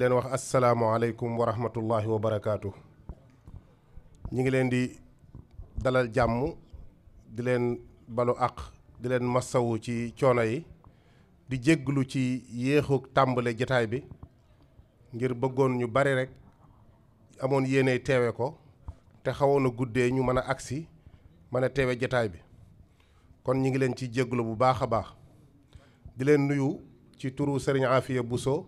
leen wax asalaamaaleykum wa rahmatullahi wa barakaatu. ñi ngi leen di dalal jàmm di leen balu àq di leen massawu ci coono yi di jégglu ci yéexu tàmbale jataay bi ngir bëggoon ñu bari rek amoon yéene teewe ko te xawoon a guddee ñu mën a agsi mën a teewe jataay bi kon ñi ngi leen ci jégglu bu baax a baax di leen nuyu ci turu Serigne bu Bousso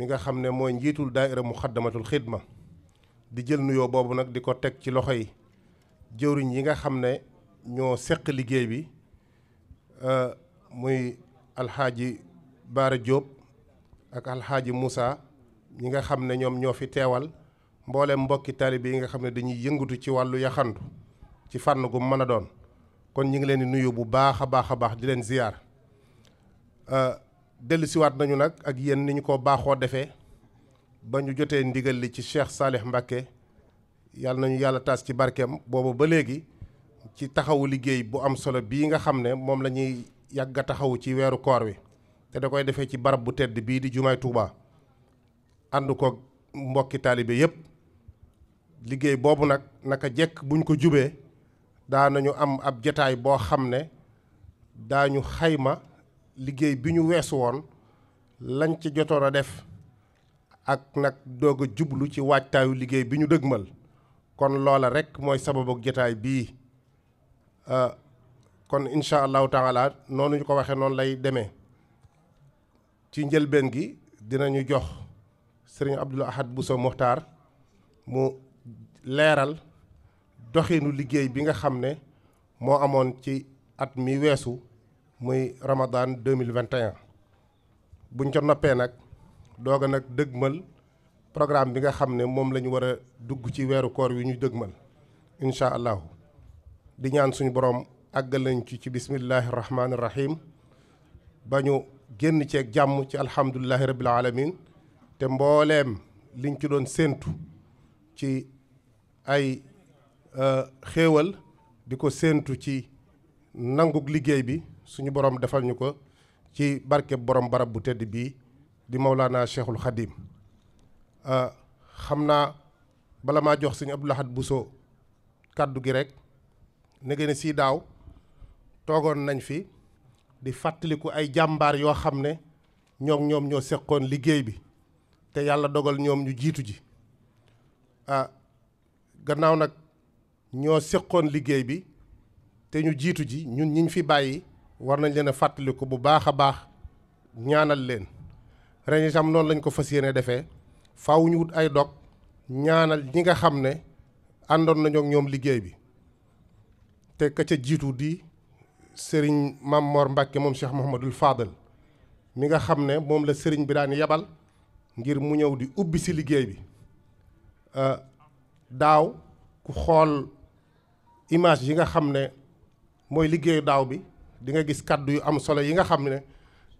mi nga xam ne mooy njiitul mu muxaddamatul xidma di jël nuyoo boobu nag di ko teg ci loxo yi jëwriñ yi nga xam ne ñoo seq liggéey bi euh, muy alxaaji Baara Diop ak alxaaji Moussa ñi nga xam ne ñoom ñoo fi teewal mboolem mbokki taalibe yi nga xam ne dañuy yëngatu ci wàllu yaxantu ci fànn gu mën a doon kon ñu ngi leen di nuyu bu baax a baax a baax di leen ziyaar euh, dellusiwaat nañu nag ak yéen ni ñu ko baaxoo defee ba ñu jotee ndigal li ci Cheikh Salih Mbacké yàlla nañu yàlla taas ci barkeem boobu ba léegi ci taxawu liggéey bu am solo bii nga xam ne moom la ñuy yàgg a taxawu ci weeru koor wi te da koy defee ci barab bu tedd bii di jumaay Touba ànd ko mbokki taalibe yépp liggéey boobu nag naka jekk buñ ko jubee daa daanañu am ab jataay boo xam ne daañu xayma liggéey bi ñu weesu woon lañ ci jotoon a def ak nag doog a jublu ci waajtaayu liggéey bi ñu dëgmal kon loola rekk mooy sababu ak jotaay bii euh, kon incha allahu taala noonu ñu ko waxee noonu lay deme ci njëlbéen gi dinañu jox sëriñ Abdul Ahad Bousso Muxtaar mu leeral doxinu liggéey bi nga xam ne moo amoon ci at mi weesu muy ramadaan deux mille vingt et buñ ca noppee nag doog a nag dëgmal programme bi nga xam ne moom la ñu war a dugg ci weeru koor wi ñu dëgmal incha allahu di ñaan suñu borom àggal nañ ci ci bismillahi rahmaani rahim ba ñu génn ceeg jàmm ci alhamdulilahi rabbil alamin te mbooleem liñ ci doon séentu ci ay euh, xéewal di ko séentu ci nangu liggéey bi suñu borom defal ñu ko ci barke borom barab bu tedd bii di laa Mawlana Cheikhul Khadim euh, xam naa bala maa jox sëñ Abdou Lahad Bousso kàddu gi rek nege ne si daaw toogoon nañ fi di fàttaliku ay jàmbaar yoo xam ne ñoom ñoom ñoo seqoon liggéey bi te yàlla dogal ñoom ñu jiitu ji ah gannaaw nag ñoo seqoon liggéey bi te ñu jiitu ji ñun ñiñ fi bàyyi war nañ leen a fàttaliku bu baax a baax ñaanal leen ren noonu lañ ko fas yéene defee fawuñu wut ay dog ñaanal ñi nga xam ne àndoon nañoo ak ñoom liggéey bi te ka ca jiitu di sëriñ Mame Mor Mbacke moom Cheikh Mouhamadul Fadal mi nga xam ne moom la sëriñ bi daan yebal ngir mu ñëw di ubbi si liggéey bi euh, daaw ku xool image yi nga xam ne mooy liggéeyu daaw bi di nga gis kàddu yu am solo yi nga xam ne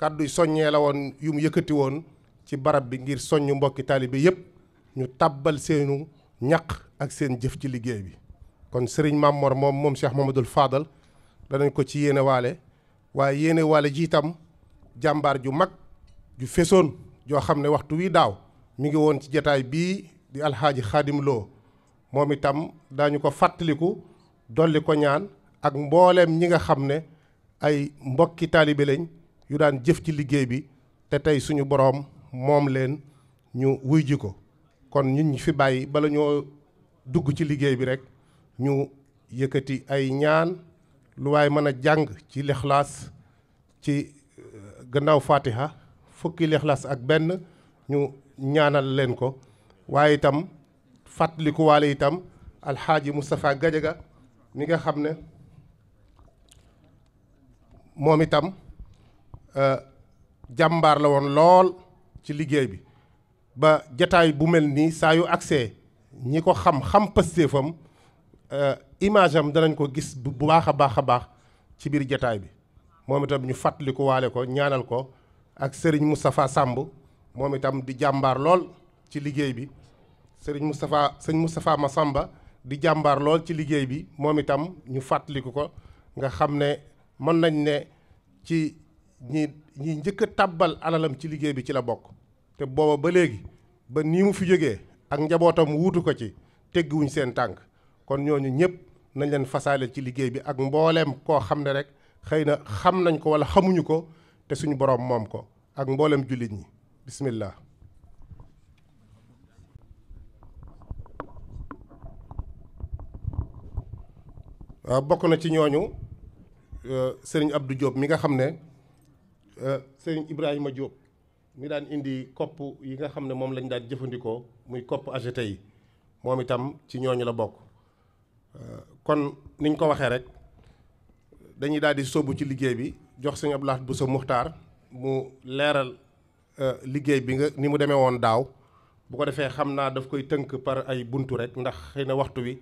kàddu yu soññee la woon yu mu yëkkati woon ci barab bi ngir soññ mbokki taalibe yépp ñu tàbbal seenu ñaq ak seen jëf ci liggéey bi kon sëriñ Mamor moom moom Cheikh Mamadou faadal danañ ko ci yéene waale waaye yéene waale ji jàmbaar ju mag ju fesoon joo xam ne waxtu wi daaw mi ngi woon ci jataay bii di alxaaji xaadim moom itam daañu ko fàttaliku dolli ko ñaan ak mbooleem ñi nga xam ne ay mbokki taalibe lañ yu daan jëf ci liggéey bi te tey suñu boroom moom leen ñu wuy ji ko kon ñun ñu fi bàyyi bala ñoo dugg ci liggéey bi rek ñu yëkkati ay ñaan lu waaye mën a jàng ci lexlaas ci euh, gannaaw fatiha fukki lexlaas ak benn ñu ñaanal leen ko waaye itam fàttalikuwaale itam alxaaji Moustapha Gajaga mi nga xam ne moom itam euh, jàmbaar la woon lool ci liggéey bi ba jataay bu mel nii saa yu agsee ñi ko xam xam pastéefam euh, image am danañ ko gis bu baax a baax a baax ci biir jataay bi moom itam ñu fàttaliku waale ko ñaanal ko ak Serigne Moustapha sàmb moom itam di jàmbaar lool ci liggéey bi sëriñ Serigne Moustapha sëñ Moustapha Massamba di jàmbaar lool ci liggéey bi moom itam ñu fàttaliku ko nga xam ne mën nañ ne ci ñi ñi njëkk a tàbbal alalam ci liggéey bi ci la bokk te booba ba léegi ba nii mu fi jógee ak njabootam wuutu ko ci wuñ seen tànk kon ñooñu ñëpp nañ leen fasaale ci liggéey bi ak mbooleem koo xam ne rek xëy na xam nañ ko wala xamuñu ko te suñu boroom moom ko ak mbooleem jullit ñi bismillah waaw bokk na ci ñooñu Euh, sëriñ abdu Diop mi nga xam ne euh, sëriñ Ibrahima Diop mi daan indi kopp yi nga xam ne moom lañ daan jëfandikoo muy kopp AGT yi moom itam ci ñooñu la bokk euh, kon niñ ko waxee rek dañuy daal di sóobu ci liggéey bi jox sëriñ Abdou Lahad Bousso Muxtaar mu leeral liggéey bi nga ni mu demee woon daaw bu ko defee xam naa daf koy tënk par ay buntu rek ndax xëy na waxtu wi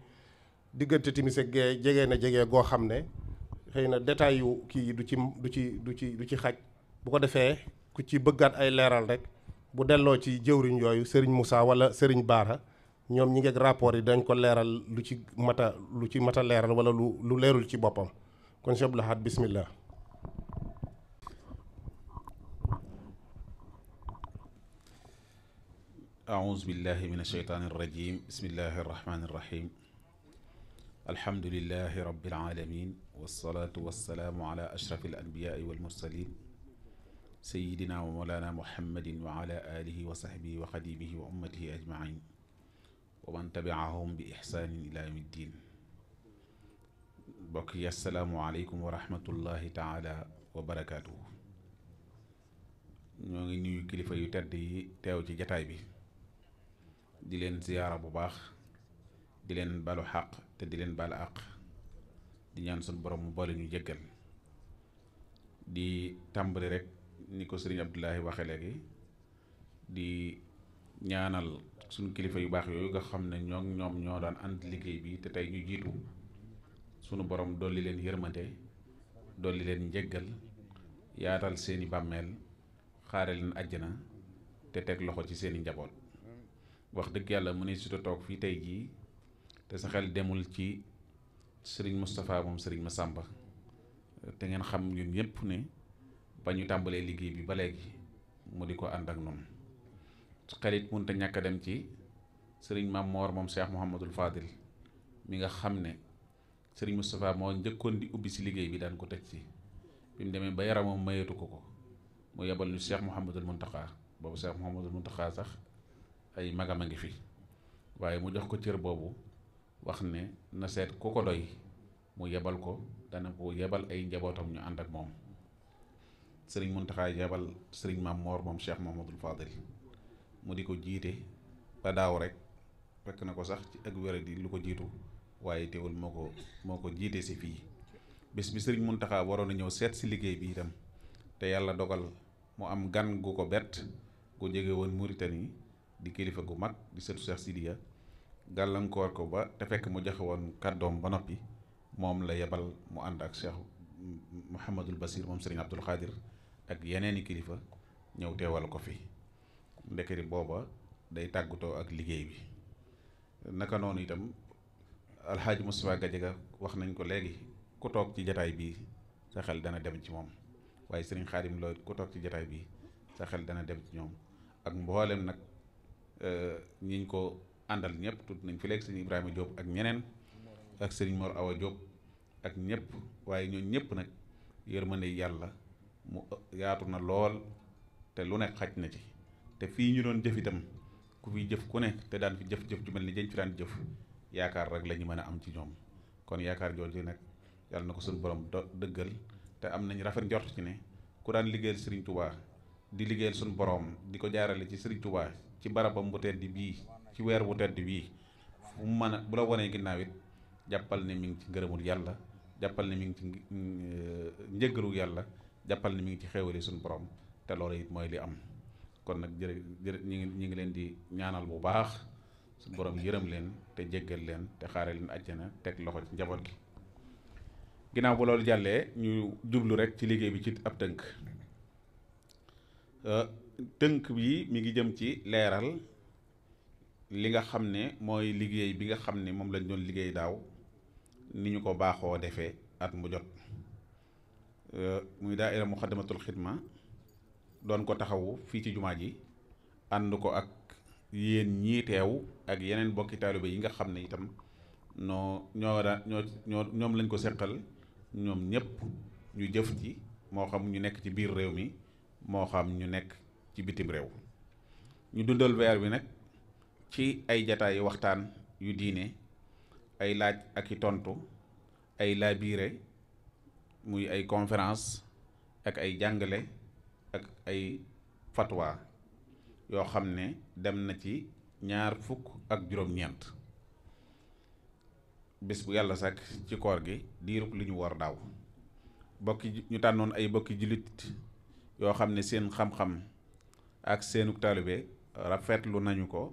diggante timis ak gee jege na jege goo xam ne xëy na détail yu kii yi du ci du ci du ci du ci xaj bu ko defee ku ci bëggaat ay leeral rek bu delloo ci jëwriñ yooyu Serigne Moussa wala sëriñ Baara ñoom ñi ngeeg rapport yi dañ ko leeral lu ci mat lu ci mat a leeral wala lu lu leerul ci boppam kon Cheikh Abdou Lahad bismillah alhamdulilahi rabbil aalamiin wassalaatu wassalaamu ala ashrafil anbiyaai wal mursaliin sayyidina wa mawlaana muhammadin wa ala aalihi wa sahbihi wa xadiimihi wa ummatihi ajmaiin wa man tabiahum bi ixsaanin ila yawmi ddiin mbokk yi assalaamu aleykum wa rahmatullahi taala wa barakaatuhu ñoo ngi nuyu kilifa yu tedd yi teew ci jataay bi di leen ziyaara bu baax di leen balu xaq te di leen baal àq di ñaan suñu borom mu boole ñu jéggal di tàmbali rek ni ko sëriñ Abdoulaye waxe léegi di ñaanal suñu kilifa yu baax yooyu nga xam ne ñoom ñoom ñoo daan ànd liggéey bi te tey ñu jiitu sunu borom dolli leen dool dolli leen njéggal yaatal seeni bàmmeel xaare leen àjjana te teg loxo ci seeni njaboot wax dëgg yàlla mu ne si toog fii tey jii te sa xel demul ci sëriñ Moustapha moom ma Massamba te ngeen xam ñun ñëpp ne ba ñu tàmbalee liggéey bi ba léegi mu di ko ànd ak noonu xelit mënut a ñàkk dem ci sëriñ Mame Mor moom seex Mouhamadul Fadil mi nga xam ne Serigne Moustapha moo njëkkoon di ubbi si liggéey bi daan ko teg ci bi mu demee ba yaramam mayetu ko ko mu yebal ñu Cheikh Mouhamadul Mountakha boobu Cheikh Mouhamadul Mountakha sax ay magam a ngi fi waaye mu jox ko cër boobu. wax ne na seet ku ko doy mu yebal ko dana ko yebal ay njabootam ñu ànd ak moom sëriñ Muntaxa yebal sëriñ Maam Moor moom Cheikh Mahmadul Fadil mu di ko jiite ba daaw rek fekk na ko sax ci ak di lu ko jiitu waaye teewul moo ko moo ko jiite si fii bis bi sëriñ Muntaxa waroon na ñëw seet si liggéey bi itam te yàlla dogal mu am gan gu ko bett gu jege woon Mauritanie di kilifa gu mag di seetu Cheikh Sidiya gàllankoor ko ba te fekk mu joxe woon kàddoom ba noppi moom la yebal mu ànd ak Cheikh Mouhamadul Basir moom Serigne Abdul Xaadir ak yeneeni kilifa ñëw teewal ko fi ndeketi booba day tàggatoo ak liggéey bi naka noonu itam alxaaji Moustapha Gadiaga wax nañ ko léegi ku toog ci jataay bi sa xel dana dem ci moom waaye Serigne Xaadim Lo ku ci jataay bi sa xel dana dem ci ñoom ak mboolem nag euh, ñiñ ko àndal ñëpp tudd nañ fi léegi sëñ Ibrahima Diop ak ñeneen ak sëñ Mor Awa Diop ak ñëpp waaye ñooñ ñëpp nag yërmande yàlla mu yaatu na lool te lu ne xaj na ci te fii ñu doon jëf itam ku fi jëf ku ne te daan fi jëf-jëf ju mel ni dañ fi daan jëf yaakaar rek la ñu mën a am ci ñoom kon yaakaar jooju nag yàlla na ko suñu borom dëggal te am nañu rafet njort ci ne ku daan liggéeyal Serigne Touba di liggéeyal suñu borom di ko jaarale ci Serigne Touba ci barabam bu tedd bii. ci weer wu tedd bii fu mu mën a bu la wanee ginnaaw jàppal na mi ngi ci ngërëmul yàlla jàppal na mi ngi ci njëggalu yàlla jàppal ne mi ci xéewali suñu borom te loolu it mooy li am kon nag jër ñu ñi ngi ñi ngi leen di ñaanal bu baax suñu borom yërëm leen te jéggal leen te xaare leen àjjana teg loxo ci njaboot gi ginnaaw bu loolu jàllee ñu jublu rek ci liggéey bi ci ab tënk euh, tënk bi mu ngi jëm ci leeral li nga xam ne mooy liggéey bi nga xam ne moom lañ doon liggéey daaw ni ñu ko baaxoo defee at mu jot euh, muy daaira muxaddamatul xidma doon ko taxawu fii ci jumaa ji ànd ko ak yéen ñii teew ak yeneen bokki taalibe yi nga xam ne itam noo ñoo da ñoo ñoom lañ ko seqal ñoom ñëpp ñu jëf ci moo xam ñu nekk ci biir réew mi moo xam ñu nekk ci bitim réew ñu dundal weer bi nag ci ay jataay waxtaan yu diine ay laaj ak i tontu ay laabiire muy ay conférence ak ay jàngale ak ay fatwa yoo xam ne dem na ci ñaar fukk ak juróom-ñeent bis bu yàlla sàkk ci koor gi diirug li ñu war daaw bokki ñu tànnoon ay bokki jullit yoo xam ne seen xam-xam ak seenu taalibe rafetlu nañu ko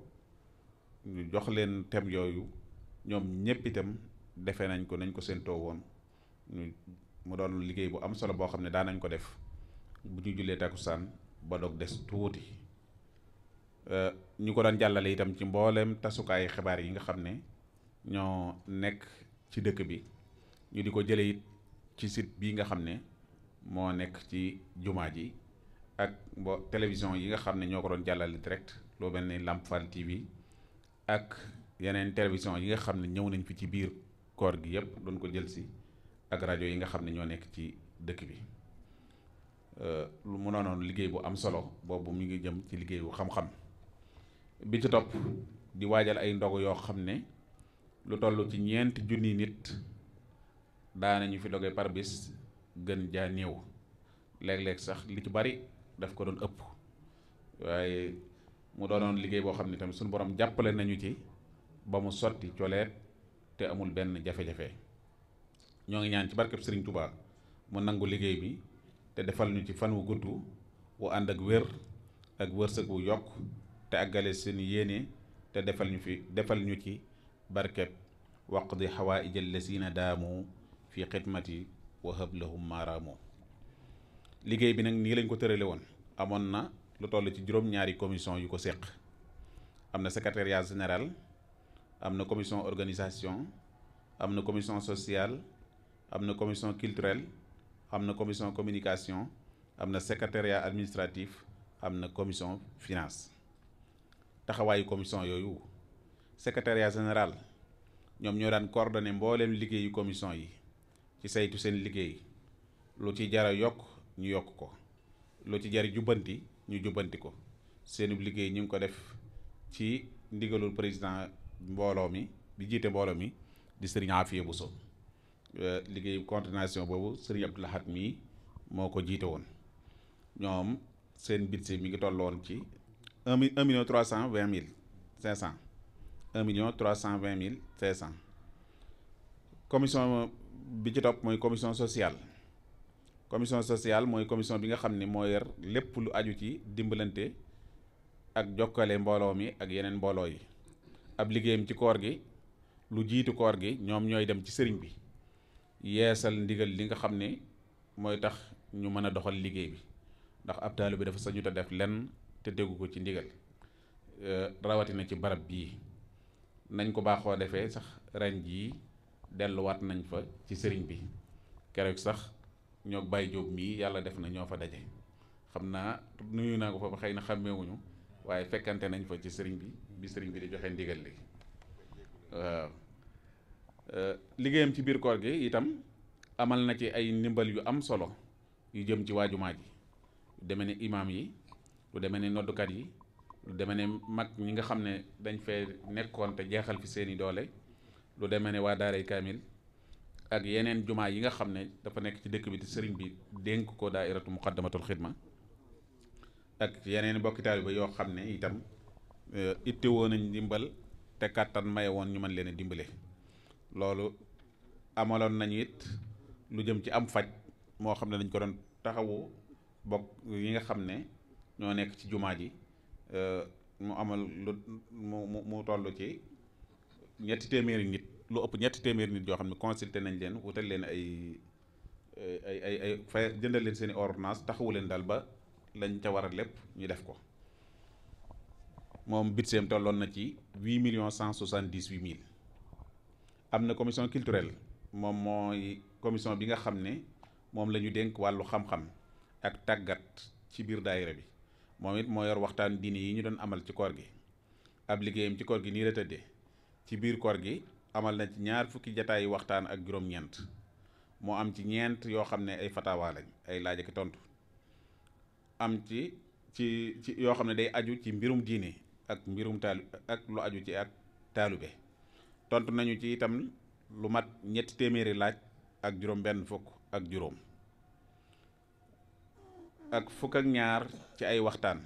ñu jox leen thème yooyu ñoom ñëpp itam defee nañ ko nañ ko séentoo woon ñu mu doon liggéey bu am solo boo xam ne daan nañ ko def bu ñu jullee takkusaan ba doog des tuuti euh, ñu ko doon jàllale itam ci mbooleem tasukaayu xibaar yi nga xam ne ñoo nekk ci dëkk bi ñu di ko jëlee it ci sit bii nga xam ne moo nekk ci jumaa ji ak bo télévision yi nga xam ne ñoo ko doon jàllale direct loo mel ni Lamp Fall TV. ak yeneen télévision yi nga xam ne ñëw nañ fi ci biir koor gi yëpp doon ko jël si ak rajo yi nga xam ne ñoo nekk ci dëkk bi euh, lu mu noonoon liggéey bu am solo boobu mu ngi jëm ci liggéey bu xam-xam bi ci topp di waajal ay ndogu yoo xam ne lu toll ci ñeenti junni nit daana ñu fi doge par bis gën jaa néew léeg-léeg sax li ci bari daf ko doon ëpp waaye mu doonoon liggéey boo xam ni tamit suñu borom jàppale nañu ci ba mu sotti coleet te amul benn jafe-jafe ñoo ngi ñaan ci barkeb Sëriñ Touba mu nangu liggéey bi te defal ñu ci fan wu gudd wu ànd ak wér ak wërsëg wu yokk te àggale seen yéene te defal ñu fi defal ñu ci barkeb waqdi xawaaij allazina daamu fi xidmati wa hablahum maaraamu liggéey bi nag nii lañ ko tërale woon amoon na lu toll ci juróom-ñaari commission yu ko seq am na secrétariat général am na commission organisation am na commission sociale am na commission culturelle am na commission communication am na secrétariat administratif am na commission finance taxawaayu commission yooyu secrétariat général ñoom ñoo daan coordonné mbooleem liggéeyu commission yi ci saytu seen liggéey lu ci jara yokk ñu yokk ko lu ci jari jubbanti ñu jubbanti ko seenub liggéey ñu ngi ko def ci ndigalul président mbooloo mi di jiite mbooloo mi di sëriñ Afia Bousso euh, liggéey coordination boobu sëriñ Abdou Lahad mii moo ko jiite woon ñoom seen budget mi ngi tolloon ci un mi un million trois cent vingt mille cinq cent un million cent vingt mille cinq cent commission bi ci topp mooy commission sociale commission sociale mooy commission bi nga xam ne moo yor lépp lu aju ci dimbalante ak jokkale mbooloo mi ak yeneen mbooloo yi ab liggéeyam ci koor gi lu jiitu koor gi ñoom ñooy dem ci sëriñ bi yeesal ndigal li nga xam ne mooy tax ñu mën a doxal liggéey bi ndax ab taalu bi dafa sa sañut a def lenn te déggu ko ci ndigal rawatina ci barab bii nañ ko baaxoo defee sax ren jii delluwaat nañ fa ci sëriñ bi keroog sax ñoog bàyyi Diop mii yàlla def na ñoo fa daje xam naa nuyu naa ko foofu xëy na xàmmeewuñu waaye fekkante nañ fa ci sëriñ bi bi sëriñ bi di joxe ndigal li waaw euh, liggéeyam ci biir koor gi itam amal na ci ay ndimbal yu am solo yu jëm ci waajumaa ji lu demee ne imaam yi lu deme ne noddukat yi lu demee ne mag ñi nga xam ne dañ fee nekkoon te jeexal fi seeni doole lu demee ne waa daaray kaamil ak yeneen jumaa yi nga xam ne dafa nekk ci dëkk bi te sëriñ bi dénk ko daairatu muqaddamatul xidma ak yeneen bokki taaliba yoo xam ne itam euh, itte woon nañ dimbal te kàttan maye woon ñu man leen a dimbale loolu amaloon nañu it lu jëm ci am faj moo xam ne dañ ko doon taxawu bokk yi nga xam ne ñoo nekk ci jumaa ji euh, mu amal lu mu mu toll ci ñetti téeméeri nit lu ëpp ñetti téeméeri nit yoo xam ne consulté nañ leen wutal leen ay ay ay ay fay jëndal leen seen i ordonnance taxawu leen daal ba lañ ca war a lépp ñu def ko moom budget tolloon na ci huit millions cent soixante dix huit mille am na commission culturel moom mooy commission bi nga xam ne moom la ñu dénk wàllu xam-xam ak tàggat ci biir daayira bi moom it moo yor waxtaan diini yi ñu doon amal ci koor gi ab liggéeyam ci koor gi nii la tëddee ci biir koor gi amal na ci ñaar fukki jataayu waxtaan ak juróom-ñeent moo am ci ñeent yoo xam ne ay fatawa ay laaj ak tontu am ci ci yoo xam ne day aju ci mbirum diine ak mbirum taalu ak lu aju ci ak taalube tontu nañu ci itam lu mat ñetti téeméeri laaj ak juróom benn ak juróom ak fukk ak ñaar ci ay waxtaan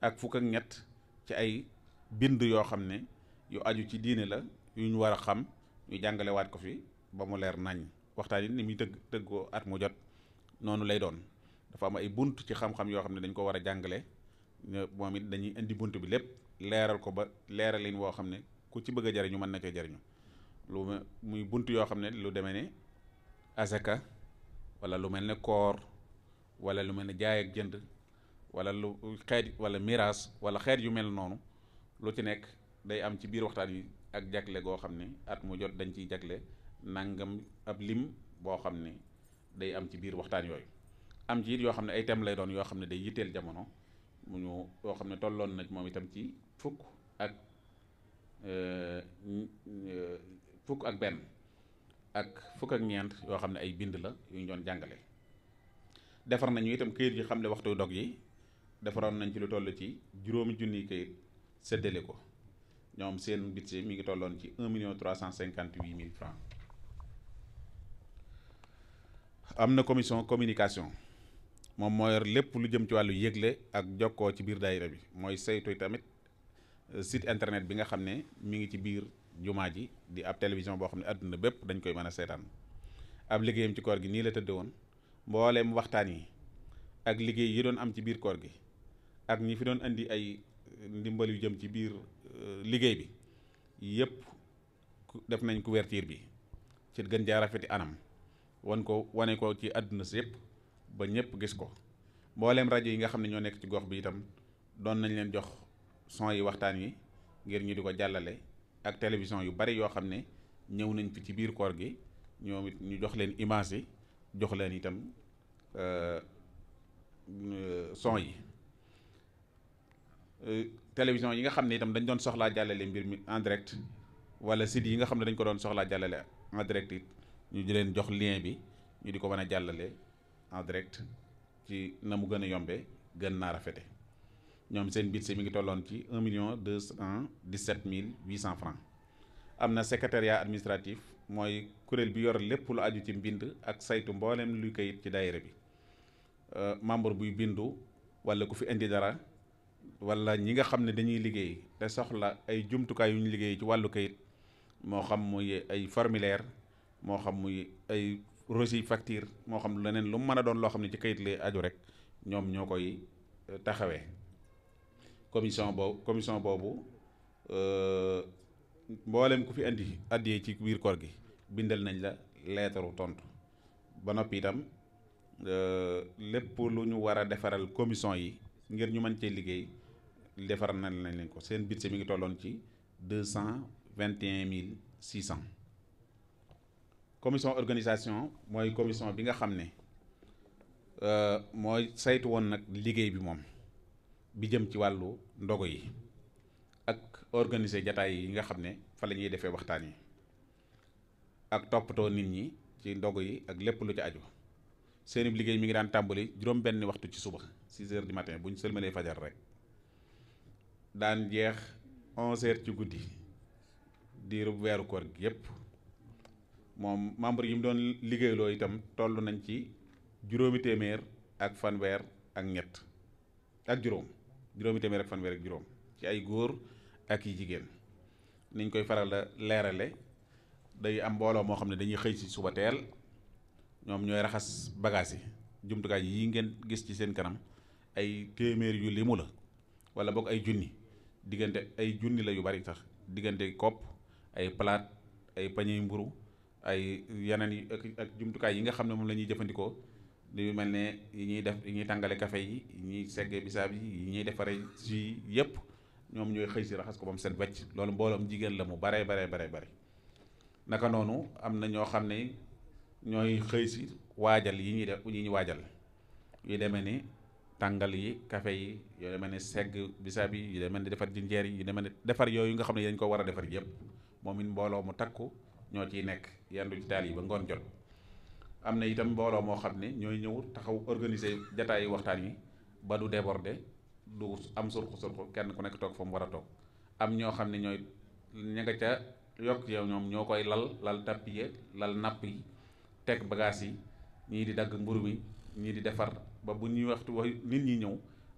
ak fukk ak ñett ci ay bind yoo xam ne yu aju ci diine la yu ñu war a xam ñu jàngalewaat ko fi ba mu leer nañ waxtaan yi ni muy tëgg tëgg ko at mu jot noonu lay doon dafa am ay bunt ci xam-xam yoo xam ne dañ ko war a jàngale moom it dañuy indi bunt bi lépp leeral ko ba leeralin woo xam ne ku ci bëgg a jariñu mën na cee jariñu lu muy bunt yoo xam ne lu demee ne azaka wala lu mel ne koor wala lu mel ne jaay ak jënd wala lu xeet wala miraas wala xeet yu mel noonu lu ci nekk day am ci biir waxtaan yi ak jagle goo xam ne at mu jot dañ ciy jagle nangam ab lim boo xam ne day am ci biir waxtaan yooyu am ci it yoo xam ne ay thèmes lay doon yoo xam ne day yitteel jamono mu ñu yoo xam ne tolloon nañ moom itam ci fukk ak euh, euh, fukk ak benn ak fukk ak ñeent yoo xam ne ay bind la yu ñu doon jàngale defar nañu itam këyit yi xam ne waxtu dog yi defaroon nañ ci lu toll ci juróomi junniy këyit séddale ko ñoom seen budget mi ngi tolloon ci un million trois cent cinquante huit mille francs am na commission communication moom moo lépp lu jëm ci wàllu yëgle ak jokkoo ci biir daayira bi mooy saytu tamit euh, site internet bi nga xam ne mu ngi ci biir jumaa ji di ab télévision boo xam ne àdduna bépp dañ koy mën a seetaan ab liggéeyam ci koor gi nii la tëdde woon mbooleem waxtaan yi ak liggéey yi doon am ci biir koor gi ak ñi fi doon indi ay ndimbal jëm ci biir liggéey bi yëpp def nañ couverture bi ci gën jaa rafeti anam wan ko wane ko ci àdduna si ba ñëpp gis ko mbooleem rajo yi nga xam ne ñoo nekk ci gox bi itam doon nañ leen jox son yi waxtaan yi ngir ñu di ko jàllale ak télévision yu bari yoo xam ne ñëw nañ fi ci biir koor gi ñoom it ñu jox leen image jox leen itam euh, euh, son yi euh, télévision yi nga xam ne itam dañ doon soxlaa jàllale mbir mi en direct wala site yi nga xam ne dañ ko doon soxlaa jàllale en direct it ñu di leen jox lien bi ñu di ko mën a jàllale en direct ci na mu gën a yombee gën naa rafete ñoom seen budget mi ngi tolloon ci un million deux cent dix-sept mille huit cent francs am na secrétariat administratif mooy kuréel bi yor lépp lu aju ci mbind ak saytu mboolem luy kayit ci dayre bi euh, membre buy bindu wala ku fi indi dara wala ñi nga xam ne dañuy liggéey te soxla ay jumtukaay yu ñu liggéey ci wàllu kayit moo xam muy ay formulaire moo xam muy ay reçu factir moo xam leneen lu mu mën a doon loo xam ne ci kayit lay aju rek ñoom ñoo koy euh, taxawee commission boobu commission boobu euh, mboolem ku fi indi addiyee ci biir koor gi bindal nañ la leetaru tontu ba noppi itam euh, lépp lu ñu war a defaral commission yi ngir ñu mën cee liggéey defar nañ leen ko seen budget mu ngi tolloon ci deux cent vingt et un mille six cent commission organisation mooy commission bi nga xam ne euh, mooy saytu woon nag liggéey bi moom bi jëm ci wàllu ndogo yi ak organiser jataay yi nga xam ne fa la ñuy defee waxtaan yi ak toppatoo nit ñi ci ndogo yi ak lépp lu ci ajo seen liggéey mi ngi daan tàmbali juróom benn waxtu ci suba six heures du matin bu ñu sëlmalee fajar rek daan jeex onze heures ci guddi diirub weeru koor gi yépp moom membre yi mu doon liggéeyloo itam toll nañ ci juróomi téeméer ak fanweer ak ñett ak juróom juróomi téeméer ak fanweer ak juróom ci ay góor ak yi jigéen niñ koy faral la leerale day am mbooloo moo xam ne dañuy xëy si suba teel ñoom ñooy raxas bagages yi jumtukaay yi ngeen gis ci seen kanam ay téeméer yu limu la wala boog ay junni diggante ay junni la yu bari sax diggante kopp ay palaat ay pañe mburu ay yeneen yi ak ak jumtukaay yi nga xam ne moom la ñuy jëfandikoo lu mel ne yi ñuy def yi ñuy tàngale kafe yi yi ñuy seggee bisaab yi yi ñuy defaree jus yëpp ñoom ñooy xëy si raxas ko ba mu set wecc loolu mbooloom jigéen la mu baree baree baree bari naka noonu am na ñoo xam ne ñooy xëy si waajal yi ñuy def yi ñuy waajal yu demee ni tàngal yi café yi yu demee ne segg bisaab yi yu demee ne defar jinjeer yi yu demee ne defar yooyu nga xam ne dañ ko war a defar yëpp moom it mbooloo mu takku ñoo ciy nekk yandu ci daal yi ba ngoon jot am na itam mbooloo moo xam ne ñooy ñëw taxaw organiser jataayu waxtaan yi ba du déborder du am surxu surxu kenn ku nekk toog fa mu war a toog am ñoo xam ne ñooy ña nga ca yokk yow ñoom ñoo koy lal lal tapis lal napp yi teg bagage yi ñii di dagg mburu mi ñii di defar ba bu ñuy waxtu wax nit ñi ñëw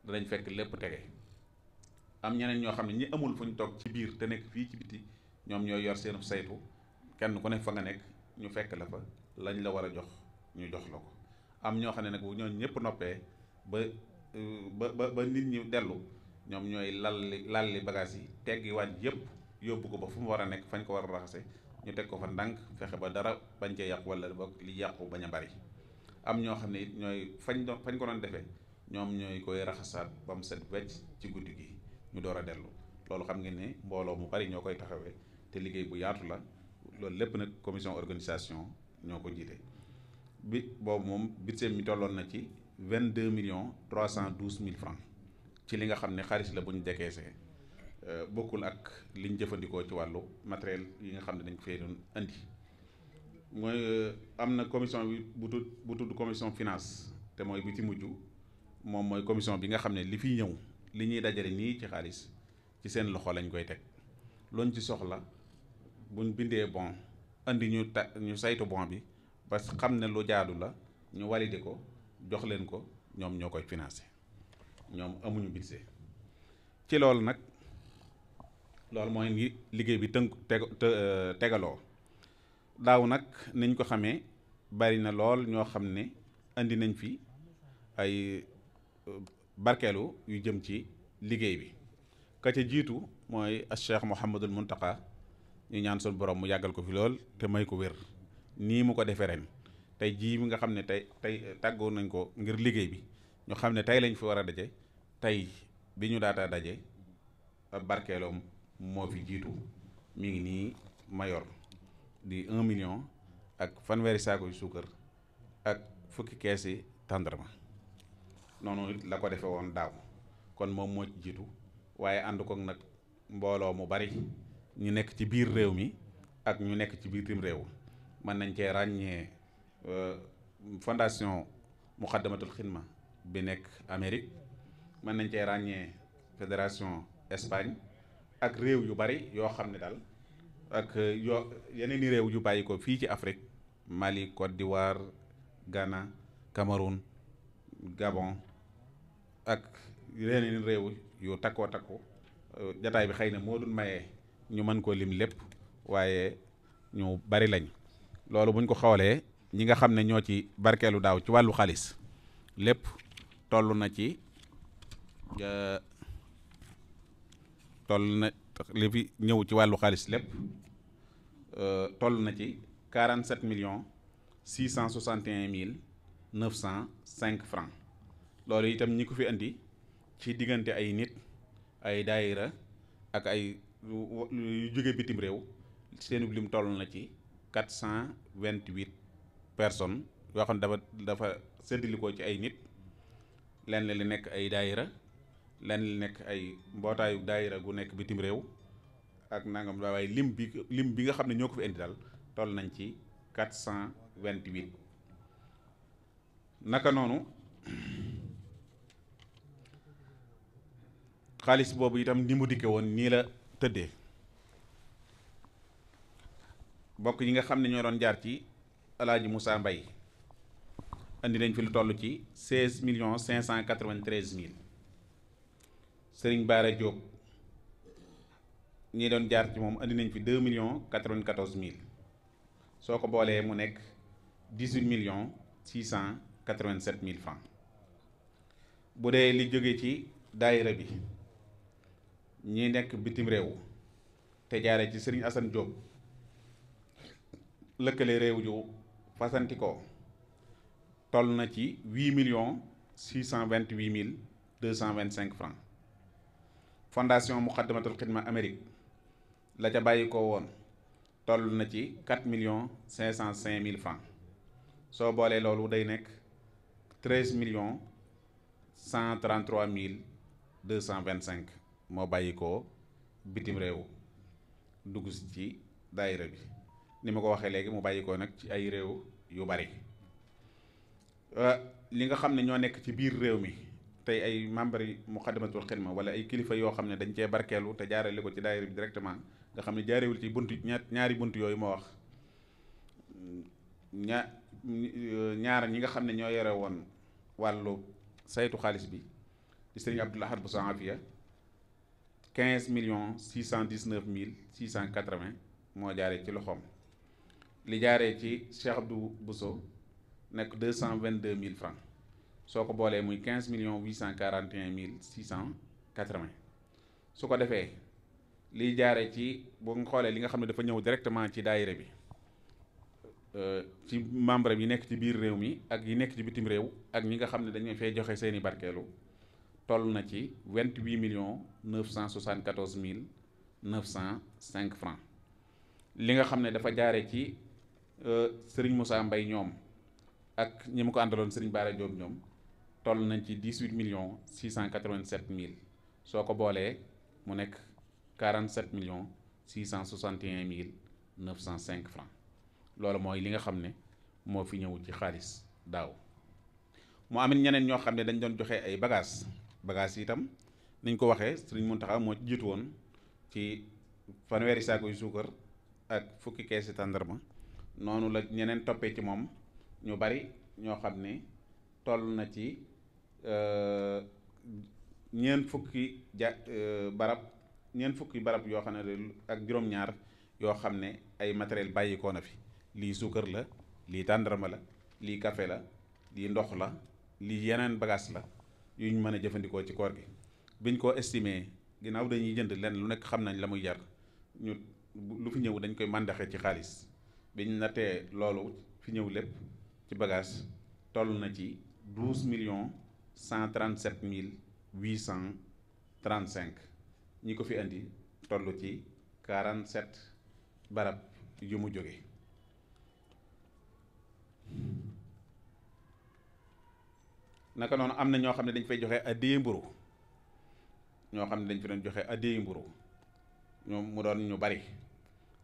danañ fekk lépp tege am ñeneen ñoo xam ne ñi amul fu ñu toog ci biir te nekk fii ci biti ñoom ñooy yor seenu saytu kenn ku nekk fa nga nekk ñu fekk la fa lañ la war a jox ñu jox la ko am ñoo xam ne nag bu ñooñu ñëpp noppee ba ba ba nit ñi dellu ñoom ñooy lalli lalli bagage yi teggi waat yëpp yóbbu ko ba fu mu war a nekk fañ ko war a raxase ñu teg ko fa ndànk fexe ba dara bañ cee yàqu wala li yàqu bañ a bari am ñoo xam ne ñooy fañ doon fañ ko doon defee ñoom ñooy koy raxasaat ba mu set wecc ci guddi gi ñu door a dellu loolu xam ngeen ni mbooloo mu bari ñoo koy taxawee te liggéey bu yaatu la loolu lépp nag commission organisation ñoo ko jiite bi boobu moom budget mi tolloon na ci vingt deux millions trois cent douze mille francs ci li nga xam ne xaalis la bu ñu décaissé euh, bokkul ak liñ jëfandikoo ci wàllu matériel yi nga xam ne dañ ko fee doon andi. mooy euh, am na commission bi bu tudd bu tudd commission finance te mooy bi ci mujj moom mooy commission bi nga xam ne li fiy ñëw li ñuy dajale nii ci xaalis ci seen loxo lañ koy teg luñ ci soxla buñ bindee bon andi ñu ta ñu saytu bi parce que xam ne lu jaadu la ñu validé ko jox leen ko ñoom ñoo koy financé ñoom amuñu budget ci loolu nag loolu mooy ngi liggéey bi tënk te euh, tegaloo daaw nag niñ ko xamee bari na lool ñoo xam ne indi nañ fi ay euh, barkeelu yu jëm ci liggéey bi ka ca jiitu mooy Cheikh Mouhamadul Mountakha ñu ñaan suñu borom mu yàggal ko fi lool te may ko wér nii mu ko defee ren tey jii mi nga xam ne tey tey tàggoon nañ ko ngir liggéey bi ñu xam ne tey lañ fi war a daje tey bi ñu daataa daje barkeeloom moo fi jiitu mi ngi nii mayor di un million ak fanweeri saako yu suukar ak fukki keesi yi tàndarma noonu la ko defee woon daaw kon moom moo jiitu waaye ànd koog nag mbooloo mu bari ñu nekk ci biir réew mi ak ñu nekk ci biir tim réew mën nañ cee ràññee euh, fondation Muxaddamatul Xidma bi nekk Amérique mën nañ cee ràññee fédération Espagne ak réew yu bari yoo xam ne daal. ak euh, yoo yeneen réew yu bàyyi ko fii ci Afrique Mali Côte d'Ivoire Ghana Cameroun Gabon ak yeneen réew yu takkoo takku euh, jataay bi xëy na moo doon mayee ñu mën koo lim lépp waaye ñu bari lañ loolu buñ ko xoolee ñi nga xam ne ñoo ci barkeelu daaw ci wàllu xaalis lépp toll na ci euh, toll na li fi ñëw ci wàllu xaalis lépp Euh, toll na ci 47 millions 661 mille cinq francs loolu itam ñi ko fi indi ci diggante ay nit ay daayira ak ay yu jóge bitim réew seenub lim toll na ci cent vingt 428 personnes yoo xam ne dafa dafa ko ci ay nit lenn li nekk ay daayira lenn li nekk ay mbootaayu daayira gu nekk bitim réew ak nangam daal waaye lim bi lim bi nga xam ne ñoo ko fi indi daal toll nañ ci quatre cent vingt huit naka noonu xaalis boobu itam ni mu dikke woon nii la tëdde bokk yi nga xam ne ñoo doon jaar ci alaaji Moussa mbay indi nañ fi lu toll ci seize million cinq cent quatre-vingt-treize mille Serigne Bara Diop ñi doon jaar ci moom andi nañ fi deux millions quatre-vingt-quatorze mille soo ko boolee mu nekk dix-huit millions six cent mille francs bu dee li jóge ci daayira bi ñi nekk bitim réew te jaare ci Serigne Assane Diop lëkkale réew ju fasanti ko toll na ci huit millions six cent vingt-huit mille deux cent vingt-cinq francs fondation Muqaddamatul Xidma Amérique la ca bàyyi koo woon toll na ci million 4 millions 505 mille francs soo boolee loolu day nekk 13 millions 133 mille deux cent cinq moo bàyyi koo bitim réew dugg si ci daayira bi ni ma ko waxee léegi mu bàyyi ko nag ci ay réew yu bari euh, li nga xam ne ñoo nekk ci biir réew mi tey ay membre yi muqaddamatul xidma wala ay kilifa yoo xam ne dañ cee barkeelu te jaarale ko ci daayira bi directement nga xam ne jaarewul ci buntu ñaar ñaari bunt yooyu ma wax ñaar ñi nga xam ne ñoo yore woon wàllu saytu xaalis bi di sëriñ Abdou Lahad bu Sanafiya quinze million six cent dix neuf mille six cent quatre vingt moo jaaree ci loxoom li jaaree ci Cheikh Abdou Bousso nekk deux cent vingt deux mille francs soo ko boolee muy quinze million huit cent quarante et un mille six cent quatre vingt su ko defee li jaare ci bu nga xoolee li nga xam ne dafa ñëw directement ci daayira bi euh, ci membre yi nekk ci biir réew mi ak yi nekk ci bitim réew ak ñi nga xam ne dañu fay joxe seeni barkeelu toll na ci vingt huit millions neuf cent soixante mille neuf cent cinq francs li nga xam ne dafa jaare ci euh, Serigne musaa mbay ñoom ak ñi mu ko àndaloon Serigne Bara Diop ñoom toll nañ ci dix huit million six cent quatre vingt sept mille soo ko boolee mu nekk. million 47 millions 661 mille 905 francs loolu mooy li nga xam ne moo fi ñëw ci xaalis daaw moo amit ñeneen ñoo xam ne dañ doon joxe ay bagages yi itam niñ ko waxee Sëriñ Muntaxa moo ci woon ci fanweeri saako yu suukar ak fukki keesi tàndarma noonu la ñeneen toppee ci moom ñu bari ñoo xam ne toll na ci euh, ñeen fukki ja euh, barab ñeent fukki barab yoo xam ne ak juróom-ñaar yoo xam ne ay matériel bàyyikoo na fi lii suukar la lii tàndarma la lii café la lii ndox la lii yeneen bagage la yuñ mën a jëfandikoo ci koor gi biñ ko estimé ginnaaw dañuy jënd lenn lu nekk xam nañ la muy jar ñu lu fi ñëw dañ koy màndaxe ci xaalis biñ nattee loolu fi ñëw lépp ci bagage toll na ci douze million cent trente sept mille huit cent trente cinq ñi ko fi indi toll ci 47 barab yu mu jóge naka noonu am na ñoo xam ne dañ fay joxe addiye mburu ñoo xam ne dañ fi doon joxe addiye mburu ñoom mu doon ñu bari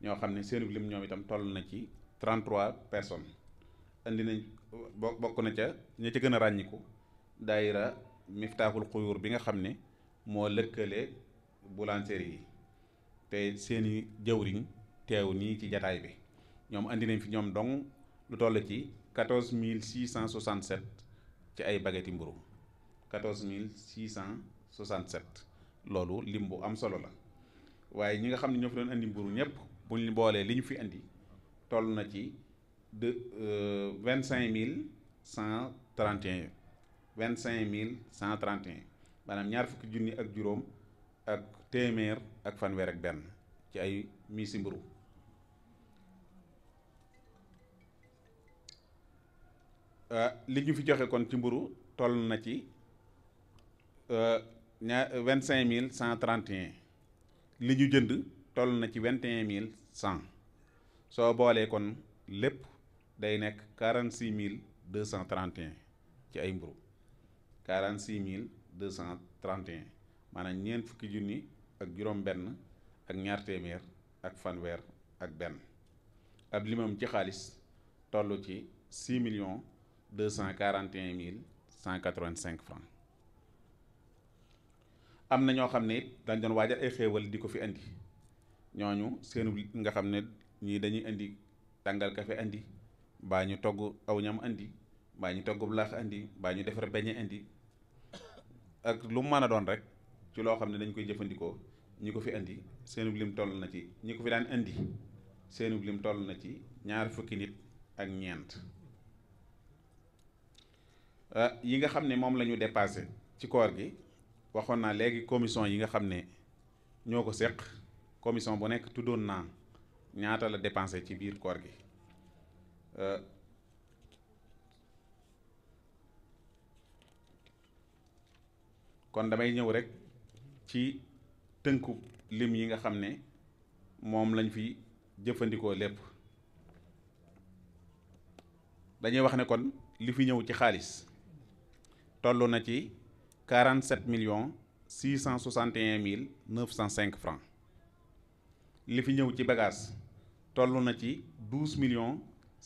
ñoo xam ne seen lim ñoom itam toll na ci 33 personnes indi nañ bokk na ca ña ca gën a ràññiku daayira miftaaxul xuyuur bi nga xam ne moo lëkkale boulangerie yi te seeni jëwriñ teew nii ci jataay bi ñoom indi nañ fi ñoom dong lu toll ci quatorze mille six cent soixante sept ci ay bageti mburu quatorze mille six cent soixante sept loolu lim bu am solo la waaye ñi nga xam ne ñoo fi doon indi mburu ñëpp bu ñu boolee li ñu fi andi toll na ci de euh, vingt cinq mille cent trente et vingt cinq mille cent trente et ñaar fukki junni ak juróom ak téeméer ak fanweer ak benn ci ay miisi mburu euh, li ñu fi joxe kon ci mburu toll na ci euh, ña wint cinq mille cent trente un li ñu jënd toll na ci vingt et un mille cent soo boolee kon lépp day nekk quarante six mille deux cent trente un ci ay mburu quarante six mille deux cent trente et un maanaam ñeent fukki junni ak juróom-benn ak ñaar téeméer ak fanweer ak benn ab limam ci xaalis toll ci million 6 millions 241 mille 185 francs am na ñoo xam ne it dañ doon waajal ay xéewal di ko fi indi ñooñu seenu nga xam ne ñii dañuy indi tàngal kafe indi baa ñu togg aw ñam indi baa ñu togg laax indi baa ñu defar beñe indi ak lu mu mën a doon rek ci loo xam ne dañ koy jëfandikoo ñi ko fi indi seenub lim toll na ci ñi ko fi daan indi seenub lim toll na ci ñaari fukki nit ak ñeent euh, yi nga xam ne moom la ñu dépassé ci koor gi waxoon naa léegi commission yi nga xam ne ñoo ko seq commission bu nekk tuddoon naa ñaata la dépensé ci biir koor gi euh, kon damay ñëw rek ci tënku lim yi nga xam ne moom lañ fi jëfandikoo lépp dañuy wax ne kon li fi ñëw ci xaalis toll na ci quarante sept millions six cent soixante et un mille neuf cent cinq francs li fi ñëw ci bagage toll na ci douze million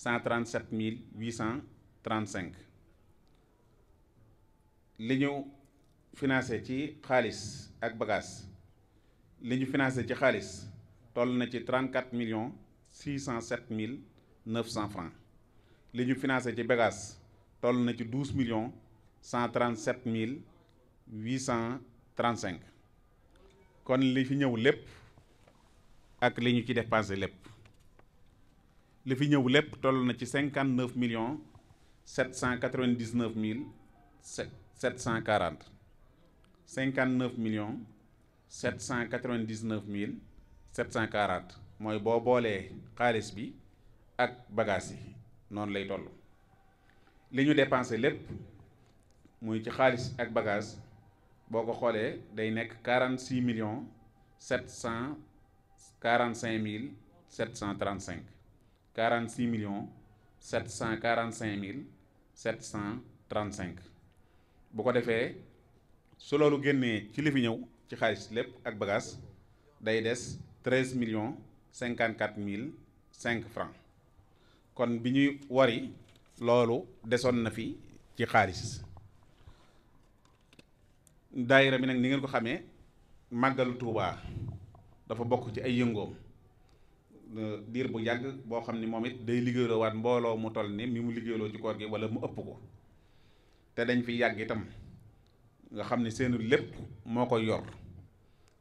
cent trente sept mille huit cent trente cinq li ñu financé ci xaalis ak bagage li ñu financé ci xaalis toll na ci million 34 millions 607 mille 900 francs li ñu financé ci bagage toll na ci 12 millions 137 mille 835 kon li fi ñëw lépp ak li ñu ci dépensé lépp li fi ñëw lépp toll na ci 59 millions 799 mille 740 59 million sept cent quatre-vingt-dix-neuf mille sept cent quarante mooy boo boolee xaalis bi ak bagages yi noonu lay toll li ñu dépensé lépp muy ci xaalis ak bagage boo ko xoolee day nekk quarante-six millions sept cent quarante-cinq mille sept cent trente-cinq quarante-six millions sept cent mille sept cent trente-cinq bu ko defee su loolu génnee ci li fi ñëw ci xaalis lépp ak bagage day des treize million cinquante quatre mille cinq francs kon bi ñuy wari loolu desoon na fi ci xaalis daayira bi nag ni ngeen ko xamee màggalu Tuubaa dafa bokk ci ay yëngoom euh, diir bu yàgg boo xam ni moom it day liggéeyloo waat mbooloo mu toll ni mi mu liggéeyloo ci koor gi wala mu ëpp ko te dañ fi yàgg itam nga xam ne seenu lépp moo koy yor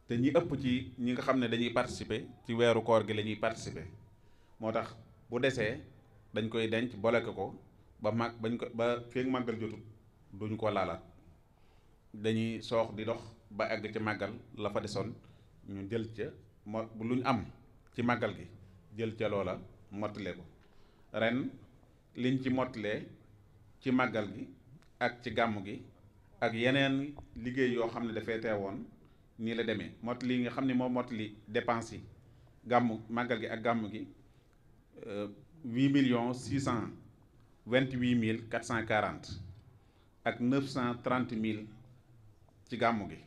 te ñi ëpp ci ñi nga xam ne dañuy participer ci weeru koor gi la ñuy participer moo tax bu desee dañ koy denc boleke ko ba mag bañ ko ba feeg màggal jotut duñ ko laalaat dañuy soox di dox ba àgg ci màggal la fa desoon ñu jël ca mo lu ñu am ci màggal gi jël ca loola mottale ko ren liñ ci mottalee ci màggal gi ak ci gàmm gi ak yeneen liggéey yoo xam ne dafay teewoon nii la demee mottali nga xam ne moo mottali dépense yi gàmmu màggal gi ak gàmmu gi euh, huit millions six cent vingt-huit mille quatre cent quarante ak neuf cent trente mille ci gàmmu gi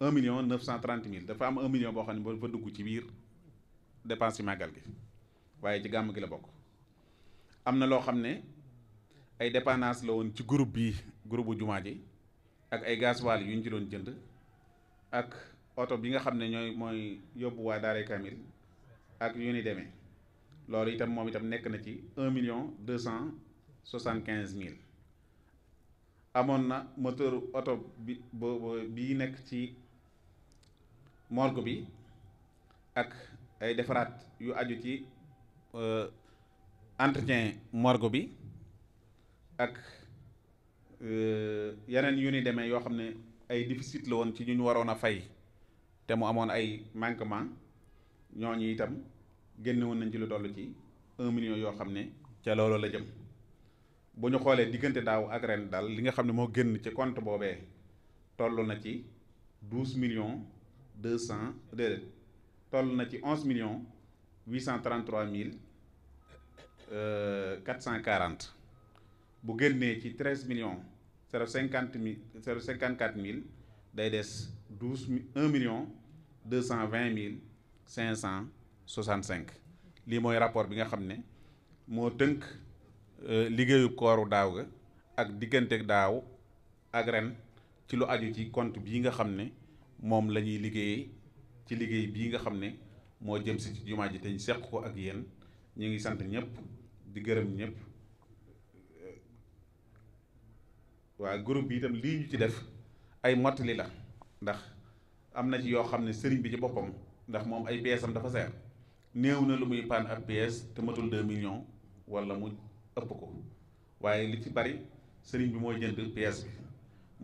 un million neuf cent trente mille dafa am un million boo xam ne dafa dugg ci biir dépense yi màggal gi waaye ci gàmmu gi la bokk am na loo xam ne ay dépendance la woon ci groupe bi groupe jumaa ji ak ay gasoil yu ñu ci doon jënd ak oto bi nga xam ne ñooy mooy yóbbu waa Daaray Kamil ak yu ni demee loolu itam moom itam nekk na ci un million deux cent soixante quinze mille amoon na moteur oto bi bii nekk ci morgo bi ak ay defaraat yu aju ci euh, entretien morgue bi ak Euh, yeneen yu ni demee yoo xam ne ay déficit la woon ci ñu ñu waroon a fay te mu amoon ay manquement ñooñu itam génne woon nañ ci lu toll ci un million yoo xam ne ca loolu la jëm bu ñu xoolee diggante daaw ak ren daal li nga xam ne moo génn ci compte boobee toll na ci douze millions deux cent déedéet toll na ci onze millions huit cent trente trois mille euh, quatre cent quarante bu génnee ci treize millions. zéro cinquante mille zéro cinquante quatre mille day des douze un million deux cent vingt mille cinq cent soixante cinq lii mooy rapport bi nga xam ne moo tënk euh, liggéeyu kooru daaw ga ak diggante daaw ak ren ci lu aju ci compte bii nga xam ne moom la ñuy liggéeyee ci liggéey bi nga xam ne moo jëm ci jumaa ji te ñu seq ko ak yéen ñu ngi sant ñëpp di gërëm ñëpp. waa groupe bi itam lii ñu ci def ay mottali la ndax am na ci yoo xam ne sëriñ bi ci boppam ndax moom ay pièces am dafa seer néew na lu muy paan ab pièce te matul 2 million wala mu ëpp ko waaye li ci bari sëriñ bi mooy jënd pièce bi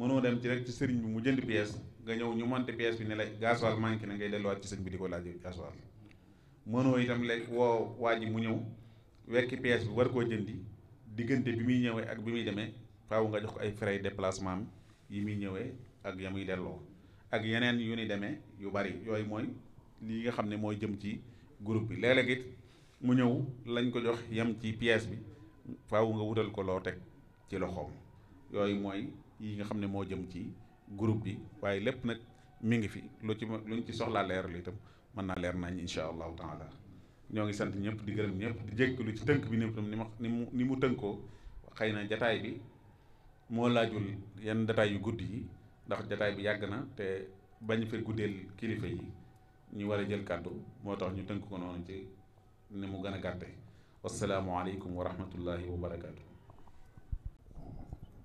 mënoo dem ci rek ci sëriñ bi mu jënd pièce nga ñëw ñu monte pièce bi ne la gasoil manqué na ngay delluwaat ci sëriñ bi di ko laaj gasoil mënoo itam léegi woo waa ji mu ñëw wekki pièce bi war koo jëndi diggante bi muy ñëwee ak bi muy demee faaw nga jox ko ay frais déplacement yi muy ñëwee ak ya muy delloo ak yeneen yu ni demee yu bari yooyu mooy lii nga xam ne mooy jëm ci groupe bi léeg mu ñëw lañ ko jox yem ci pièce bi faaw nga wutal ko loo ci loxoom yooyu mooy yi nga xam ne moo jëm ci groupe bi waaye lépp nag mu ngi fi lu ci luñ ci soxlaa leeral itam mën naa leer nañ incha allahu taala ñoo ngi sant ñëpp di gërëm ñëpp di jékk lu ci tënk bi ni mu ni mu tënkoo xëy na jataay bi moo laajul yenn détails yu gudd yi ndax détail bi yàgg na te bañ fee guddeel kilifa yi ñu war jël kàddu moo tax ñu tënk ko noonu ci ni mu gën a gàtte wasalaamualeykum wa rahmatullahi wa barakaatu.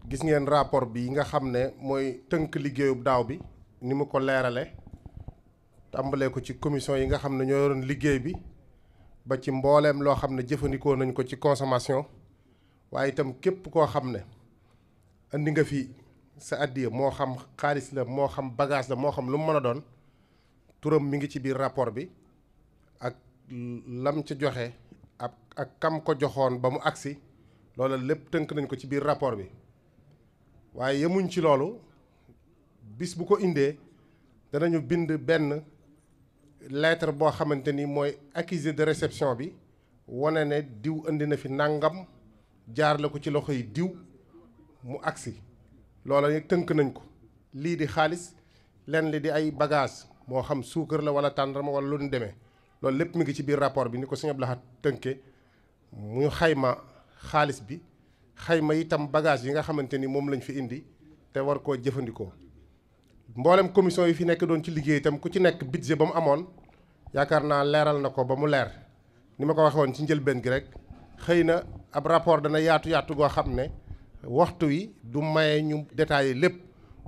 gis ngeen rapport bi yi nga xam ne mooy tënk liggéeyub daaw bi ni mu ko leerale tàmbalee ko ci commission yi nga xam ne ñoo yoroon liggéey bi ba ci mbooleem loo xam ne jëfandikoo nañ ko ci consommation waaye itam képp koo xam ne indi nga fi sa addiya moo xam xaalis la moo xam bagage la moo xam lu mu mën a doon turam mi ngi ci biir rapport bi ak lam ca joxe ab ak kam ko joxoon ba mu agsi loola lépp tënk nañ ko ci biir rapport bi waaye yemuñ ci loolu bis bu ko indee danañu bind benn lettre boo xamante ni mooy accusé de réception bi wane ne diw indi na fi nangam jaar la ko ci loxo yi diw mu agsi loola tënk nañ ko lii di xaalis lenn li di ay bagage moo xam suukar la wala tàndarma wala lu ñu demee loolu lépp mu ngi ci biir rapport bi ni ko sëñ Abdou Lahad tënke mu xayma xaalis bi xayma itam bagage yi nga xamante ni moom lañu fi indi te war koo jëfandikoo mboolem commission yi fi nekk doon ci liggéey tam ku ci nekk budget ba mu amoon yaakaar naa leeral na ko ba mu leer ni ma ko waxee ci njëlbeen gi rek xëy na ab rapport dana yaatu yaatu goo xam ne waxtu wi du maye ñu yi lépp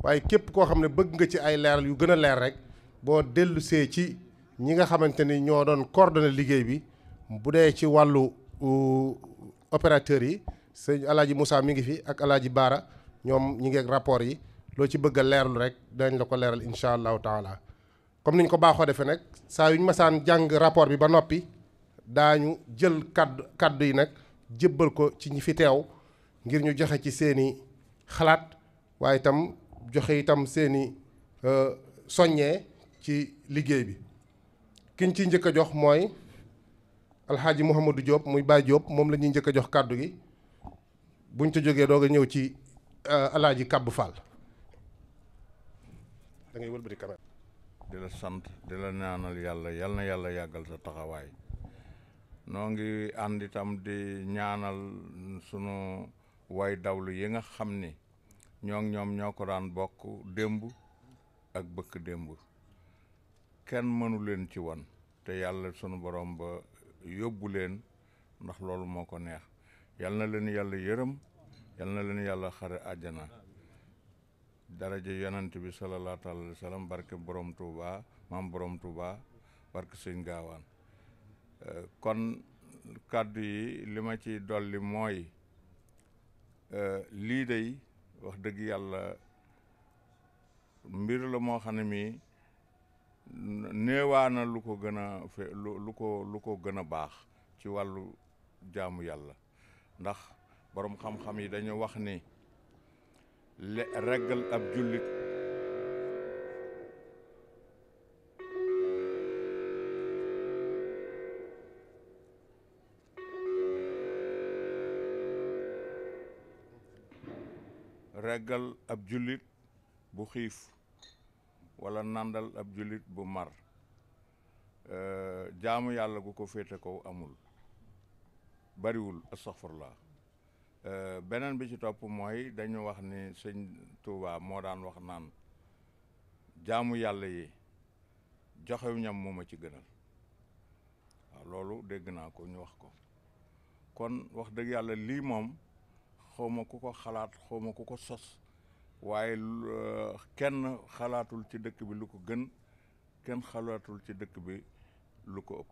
waaye képp koo xam ne bëgg nga ci ay leeral yu gën a leer rek boo dellu see ci ñi nga xamante ni ñoo doon coordonné liggéey bi bu dee ci wàllu opérateurs yi sëñ alaaji Moussa mi ngi fi ak alaaji Baara ñoom ñi ngi ak rapport yi loo ci bëgg a leerlu rek dañ la ko leeral incha allahu taala comme ni ñu ko baaxoo defee nag saa yu ñu masaan jàng rapport bi ba noppi daañu jël kaddu kaddu yi nag jébbal ko ci ñi fi teew ngir ñu joxe ci seeni xalaat waaye itam joxe itam seeni euh, soññee ci liggéey bi kiñ ci njëkk jox mooy alxaaji Mouhamadou Diop muy Baye Diop moom lañuy ñuy njëkk a jox kàddu gi buñ ca jógee doog a ñëw ci euh, alaaji Kàbb Fall da ngay wëlbati caméra di la sant di la ñaanal yàlla na yàlla yàggal sa taxawaay noo ngi ànd itam di ñaanal sunu waay dawlu yi nga xam ni ñoo ñoom ñoo ko daan bokk démb ak bëkk démb kenn mënu leen ci won te yàlla sunu borom ba yóbbu leen ndax loolu moo ko neex yal na leen yàlla yërëm yal na leen yàlla xare àjjana daraja yonent bi sallallahu alayhi wa sallam barke borom Touba maam borom Touba barke sëñ gaawaan kon kàddu yi li ma ci dolli mooy Euh, lii day wax dëgg yàlla mbir la moo xam ne mii néewaana lu ko gën a fe lu ko lu ko gën a baax ci wàllu jaamu yàlla ndax boroom xam-xam yi dañu wax ni reggal ab jullit reggal ab jullit bu xiif wala nàndal ab jullit bu mar euh, jaamu yàlla gu ko féete kow amul bariwul astaghfirullah euh, beneen bi ci topp mooy dañu wax ni sëñ Tuubaa moo daan wax naan jaamu yàlla yi joxew ñam moo ma ci gënal waaw loolu dégg naa ko ñu wax ko kon wax dëgg yàlla lii moom xawma ma ku ko xalaat xawma ku ko sos waaye euh, kenn xalaatul ci dëkk bi lu ko gën kenn xalaatul ci dëkk bi lu ko ëpp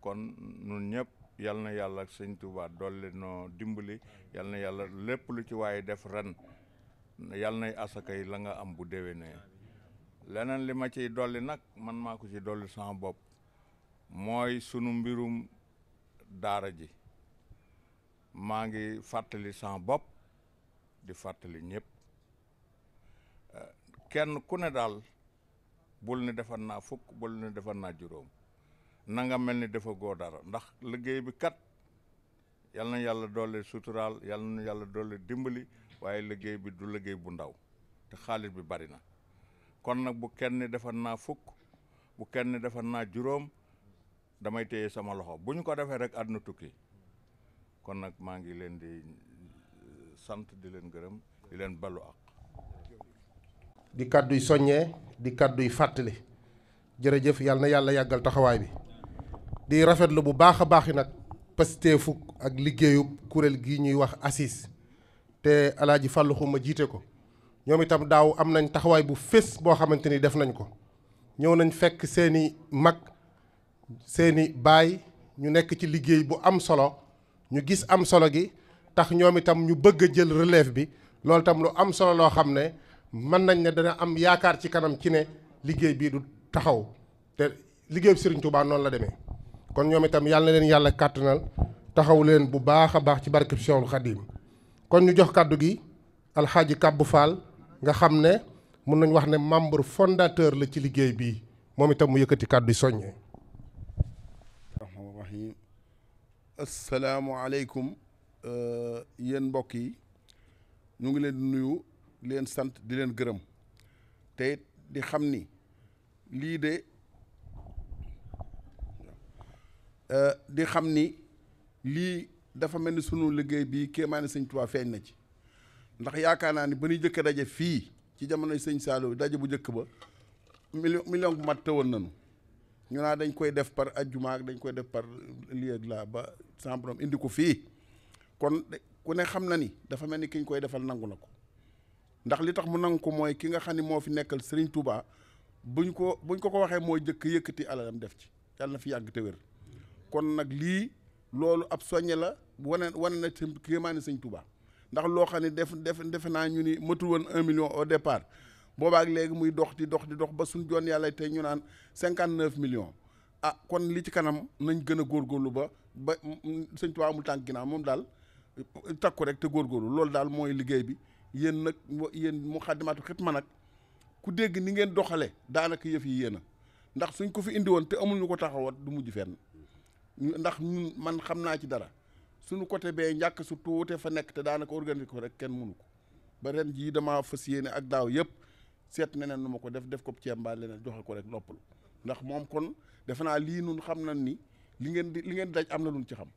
kon nun ñëpp yal na yàlla ak sëñ Touba dolli noo dimbali yal na yàlla lépp lu ci waaye def ren yal nay asakay la nga am bu déwénee leneen li ma ciy dolli nag man maa ko ci dolli sama bopp mooy sunu mbirum daara ji maa ngi fàttali sama bopp di fàttali ñépp eh, kenn ku ne daal bul ni defar naa fukk bul ni defar naa juróom nanga mel ni dafa dara ndax liggéey bi kat yal na yàlla doole suturaal yal na yàlla doole dimbali waaye liggéey bi du liggéey bu ndaw te xaalis bi bari na kon nag bu kenn defar naa fukk bu kenn defar naa juróom damay teye sama loxo bu ñu ko defee rek àdduna tukki kon nag maa ngi leen di euh, sant di leen gërëm di leen ballu ak di kàdduy soññee di kàdduy fàttali jërëjëf yàlla na yàlla yàggal taxawaay bi di rafetlu bu baax a baax yi nag pasteefuk ak liggéeyub kuréel gi ñuy wax ACIS te alaaji fàllu ma jiite ko ñoom itam daaw am nañ taxawaay bu fés boo xamante ni def nañ ko ñëw nañ fekk seeni mag seeni baay ñu nekk ci liggéey bu am solo ñu gis am solo gi tax ñoom itam ñu bëgg a jël relève bi loolu itam lu am solo loo xam ne mën nañ ne dana am yaakaar ci kanam ci ne liggéey bii du taxaw te liggéey bi Serigne Touba noonu la demee kon ñoom itam yàlla na leen yàlla kàttanal taxaw leen bu baax a baax ci barkeb Cheikhul Khadim kon ñu jox kàddu gi alxaaji Kabbu Fall nga xam ne mun nañ wax ne membre fondateur la ci liggéey bii moom itam mu yëkkati kàddu yi soññee asalaamualeykum euh, yéen mbokk yi ñu ngi leen nuyu leen sant di leen gërëm te di xam ni lii de euh, di xam ni lii dafa mel ni sunu liggéey bii kéemaane sëñ Tuubaa feeñ na ci ndax yaakaar naa ni ba ñuy jëkk daje fii ci jamono sëñ Saliou daje bu njëkk ba million million bu mat tëwoon nañu ñu naa dañ koy def par ajjuma ak dañ koy def par lii ak laa ba sama indi ko fii kon ku ne xam na ni dafa mel ni kiñ koy defal nangu na ko ndax li tax mu nangu ko mooy ki nga xam ni moo fi nekkal Serigne Touba buñ ko buñ ko ko waxee mooy jëkk yëkkati alalam def ci yàlla na fi yàgg te kon nag lii loolu ab soññe la wane wane na kéemaani Serigne Touba ndax loo xam ne def def defe naa ñu ni matul woon un million au départ boobaak léegi muy dox di dox di dox ba suñ joon yàlla te ñu naan cinquante neuf millions ah kon li ci kanam nañ gën a góorgóorlu ba sëñ Tuubaa amul tànk ginnaaw moom daal ko rek te góoru loolu daal mooy liggéey bi yéen nag yéen Moukhaddamatoul ma nag ku dégg ni ngeen doxale daanaka yëf yi yéen a ndax suñ ko fi indi woon te amul ñu ko taxawat du mujj fenn ndax ñun man xam naa ci dara suñu côté bee njàkk su tuute fa nekk te daanaka organiser ko rek kenn mënu ko ba ren jii damaa fas yéene ak daaw yëpp seet neneen nu ma ko def def ko ceeb mbaa leneen joxe ko rek noppalu ndax moom kon defe naa lii nun xam na ni li ngeen di li ngeen daj am na lu ñu ci xam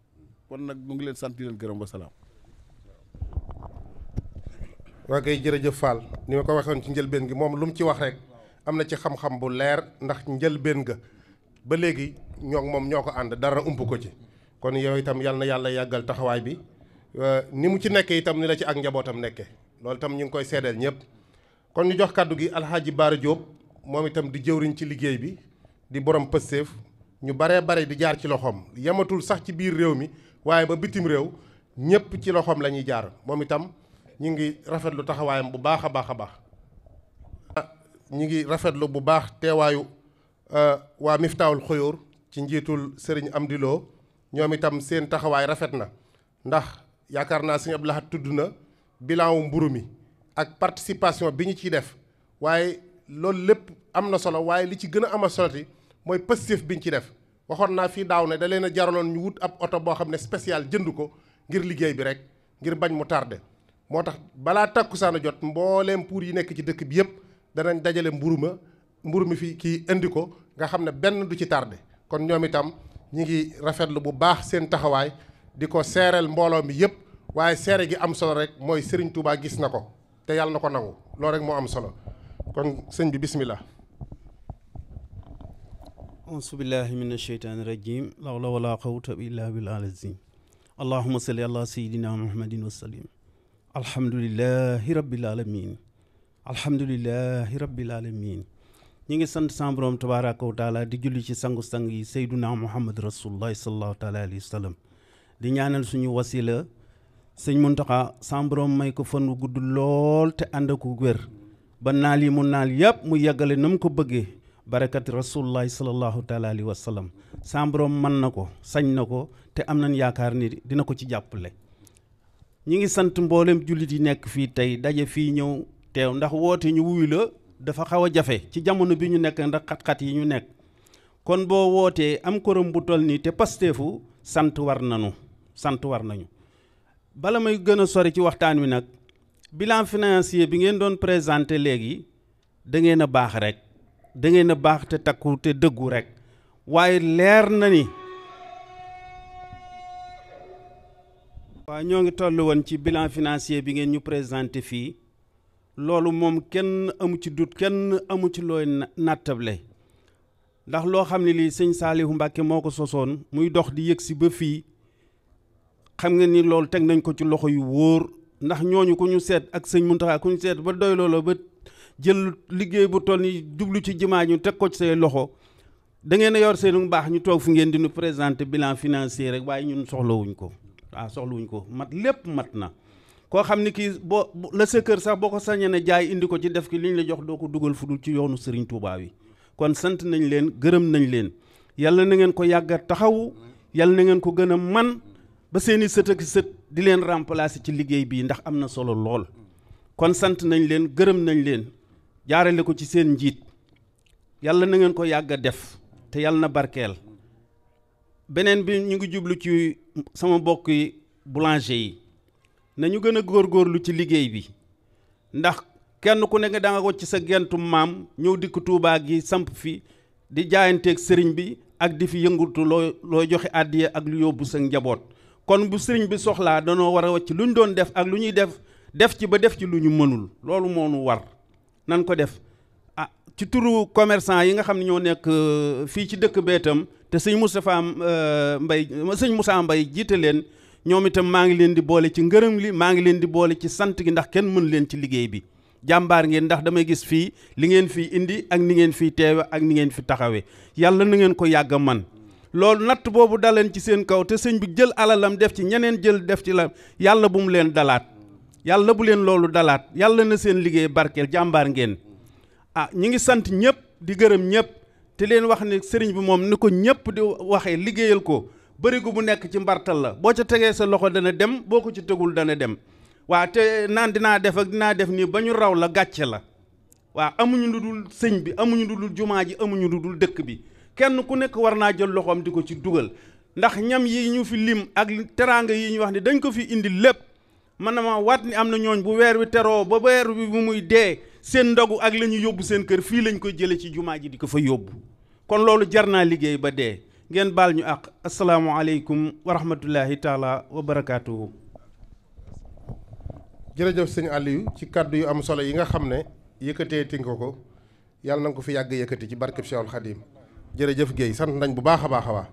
kon nag mu ngi leen sant gërëm wasalaam. waa kay jërëjëf Fall ni ma ko waxoon ci njëlbeen gi moom lu mu ci wax rek am na ci xam-xam bu leer ndax njëlbeen ga ba léegi ñoo moom ñoo ko ànd dara ump ko ci kon yow itam na yàlla yàggal taxawaay bi euh, ni mu ci nekkee itam ni la ci ak njabootam nekke loolu itam ñu ngi koy seedeel ñëpp kon ñu jox kàddu gi alxaaji Baara Diop moom itam di jëwriñ ci liggéey bi di borom ñu baree bare di jaar ci loxoom yamatul sax ci biir réew mi waaye ba bitim réew ñépp ci loxoom lañuy jaar moom itam ñu ngi rafet lu taxawaayam bu baax a baax a baax ñu ngi rafetlu bu baax teewaayu euh, waa Miftaahul Xuyuur ci njiitul Sëriñ am Lo ñoom itam seen taxawaay rafet na ndax yaakaar naa Sëriñ Abdou Lahad tudd na bilan wu mburu mi ak participation bi ñu ciy def waaye loolu lépp am na solo waaye li ci gën a ama soloti mooy positif bi ñu ci def waxoon naa fii daaw na da leen a jaraloon ñu wut ab oto boo xam ne spécial jënd ko ngir liggéey bi rek ngir bañ mu tardé moo tax balaa takkusaan a jot mbooleem pour yi nekk ci dëkk bi yëpp danañ dajale mburu ma mburu mi fi kii indi ko nga xam ne benn du ci tardé kon ñoom itam ñi ngi rafetlu bu baax seen taxawaay di ko seereel mbooloo mi yëpp waaye seere gi am solo rek mooy Serigne Touba gis na ko te yàlla na ko nangu loolu rek moo am solo kon sëñ bi asubillahi min asheytaani rajim law la wala xawta illa bil azim allahuma salli ala sayidina muhammadin wasalim alhamdulilahi rabbil alamin alhamdulilahi rabbil alamin ñi ngi sant sa Boroom tabaraka wa taala di julli ci sangu-sang yi sayduna muhammad rasulullahi salallahu taala alayhi wa sallam di ñaanal suñu wasila sëñ Muntaxa sa Boroom may ko fan gudd lool te ànd ak wér ba naal yi mu naal yëpp mu yeggale na ko bëggee barakat rasulullahi salallahu taala alayhi wa sallam samboroom mën na ko sañ na ko te am nañ yaakaar ni dina ko ci jàppale ñi ngi sant mboolem jullit yi nekk fii tey daje fii ñëw teew ndax woote ñu wuyu la dafa xaw a jafe ci jamono bi ñu nekk ndax xat-xat yi ñu nekk kon boo wootee am korom bu toll nii te pasteefu sant war nañu sant war nañu bala may gën a sori ci waxtaan wi nag bilan financier bi ngeen doon présenté léegi da ngeen a baax rek da ngeen baax te takku te dëggu rekk waaye leer na ni waa ñoo ngi toll woon ci bilan financier bi ngeen ñu présenté fii loolu moom kenn amu ci dut kenn amu ci looy nattable ndax loo xam ne lii sëñ Saalihu Mbàkke moo ko sosoon muy dox di yëg si ba fii xam nga ni loolu teg nañ ko ci loxo yu wóor ndax ñooñu ku ñu seet ak sëñ Muntaxa ku ñu seet ba doy looloo ba jël liggéey bu toll ni jublu ci jumaa ñu teg ko ci say loxo da ngeen a yor seenu baax ñu toog fu ngeen di nu présenter bilan financier rek waaye ñun soxlawuñ ko waaw soxlawuñ ko mat lépp mat na. koo xam ni kii boo la sa kër sax boo ko sañee ne jaay indi ko ci def ki li ñu la jox doo ko dugal fu dul ci yoonu Serigne Touba wi kon sant nañ leen gërëm nañ leen yàlla na ngeen ko yàgg taxawu yàlla na ngeen ko gën a man ba seen i sët ak sët di leen remplacer ci liggéey bii ndax am na solo lool kon sant nañ leen gërëm nañ leen. jaarale ko ci seen njiit yàlla na ngeen ko yàgg def te yàlla na barkeel beneen bi ñu ngi jublu ci sama mbokk yi boulanger yi nañu gën a góorgóorlu ci liggéey bi ndax kenn ku nekk da nga ko ci sa gentum maam ñëw dikk Tuubaa gi samp fi di jaayanteeg sëriñ bi ak di fi yëngutu loo looy joxe àddiya ak lu yóbbu sa njaboot kon bu sëriñ bi soxlaa danoo war a wàcc lu ñu doon def ak lu ñuy def def ci ba def ci lu ñu mënul loolu moo war nan ko def ah ci turu commerçant yi nga xam ne ñoo nekk euh, fii ci dëkk bee itam te sëñ Moustapha euh, Mbaye sëñ musaa mbay jiite leen ñoom itam maa ngi leen di boole ci ngërëm li maa ngi leen di boole ci sant gi ndax kenn mënu leen ci liggéey bi jàmbaar ngeen ndax damay gis fii li ngeen fii indi ak ni ngeen fii teewe ak ni ngeen fi taxawee yàlla na ngeen ko yàgg a man loolu natt boobu daleen ci seen kaw te sëñ bi jël alalam def ci ñeneen jël def ci la yàlla bu leen dalaat yàlla bu leen loolu dalaat yàlla na seen liggéey barkeel jàmbaar ngeen ah ñi ngi sant ñëpp di gërëm ñëpp te leen wax ne sëriñ bi moom ni ko ñëpp di waxee liggéeyal ko bërigo bu nekk ci mbartal la boo ca tegee sa loxo dana dem boo ko ci tegul dana dem waa te naan dinaa def ak dinaa def nii ba ñu raw la gàcce la waa amuñu lu dul sëñ bi amuñu lu dul jumaa ji amuñu lu dul dëkk bi kenn ku nekk war naa jël loxoom di ko ci dugal ndax ñam yi ñu fi lim ak teraanga yi ñu wax ne dañ ko fi indi lépp man na ma waat ni am na ñooñ bu weer wi teroo ba weer wi bu muy dee seen ndogu ak lañu yóbbu seen kër fii lañ koy jële ci jumaa ji di ko fa yóbbu kon loolu jar naa liggéey ba dee ngeen baal ñu àq asalaamualeykum wa rahmatullahi taala wa barakaatuhu jërëjëf sëñ Aliou ci kàddu yu am solo yi nga xam ne yëkkatee tinko ko yàlla na nga ko fi yàgg yëkkati ci barkeb Cheikhul Khadim jërëjëf Guèye sant nañ bu baax a baax a baax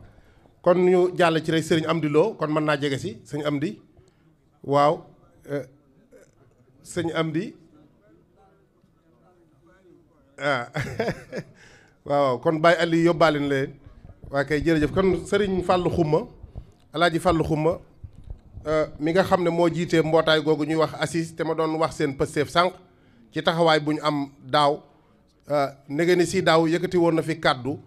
kon ñu jàll ci rek sëriñ am di Lo kon mën naa jege si sëñ Amdi waaw Euh, sëñ am ah waaw kon Baye Ali yóbbaale na leen waa kay jërëjëf kon sëriñ Fallou Xuma Alaaji Fallou Xuma euh, mi nga xam ne moo jiitee mbootaay googu ñuy wax assise te ma doon wax seen pësteef sànq ci taxawaay bu ñu am daaw euh, ndege ni si daaw yëkkati woon na fi kàddu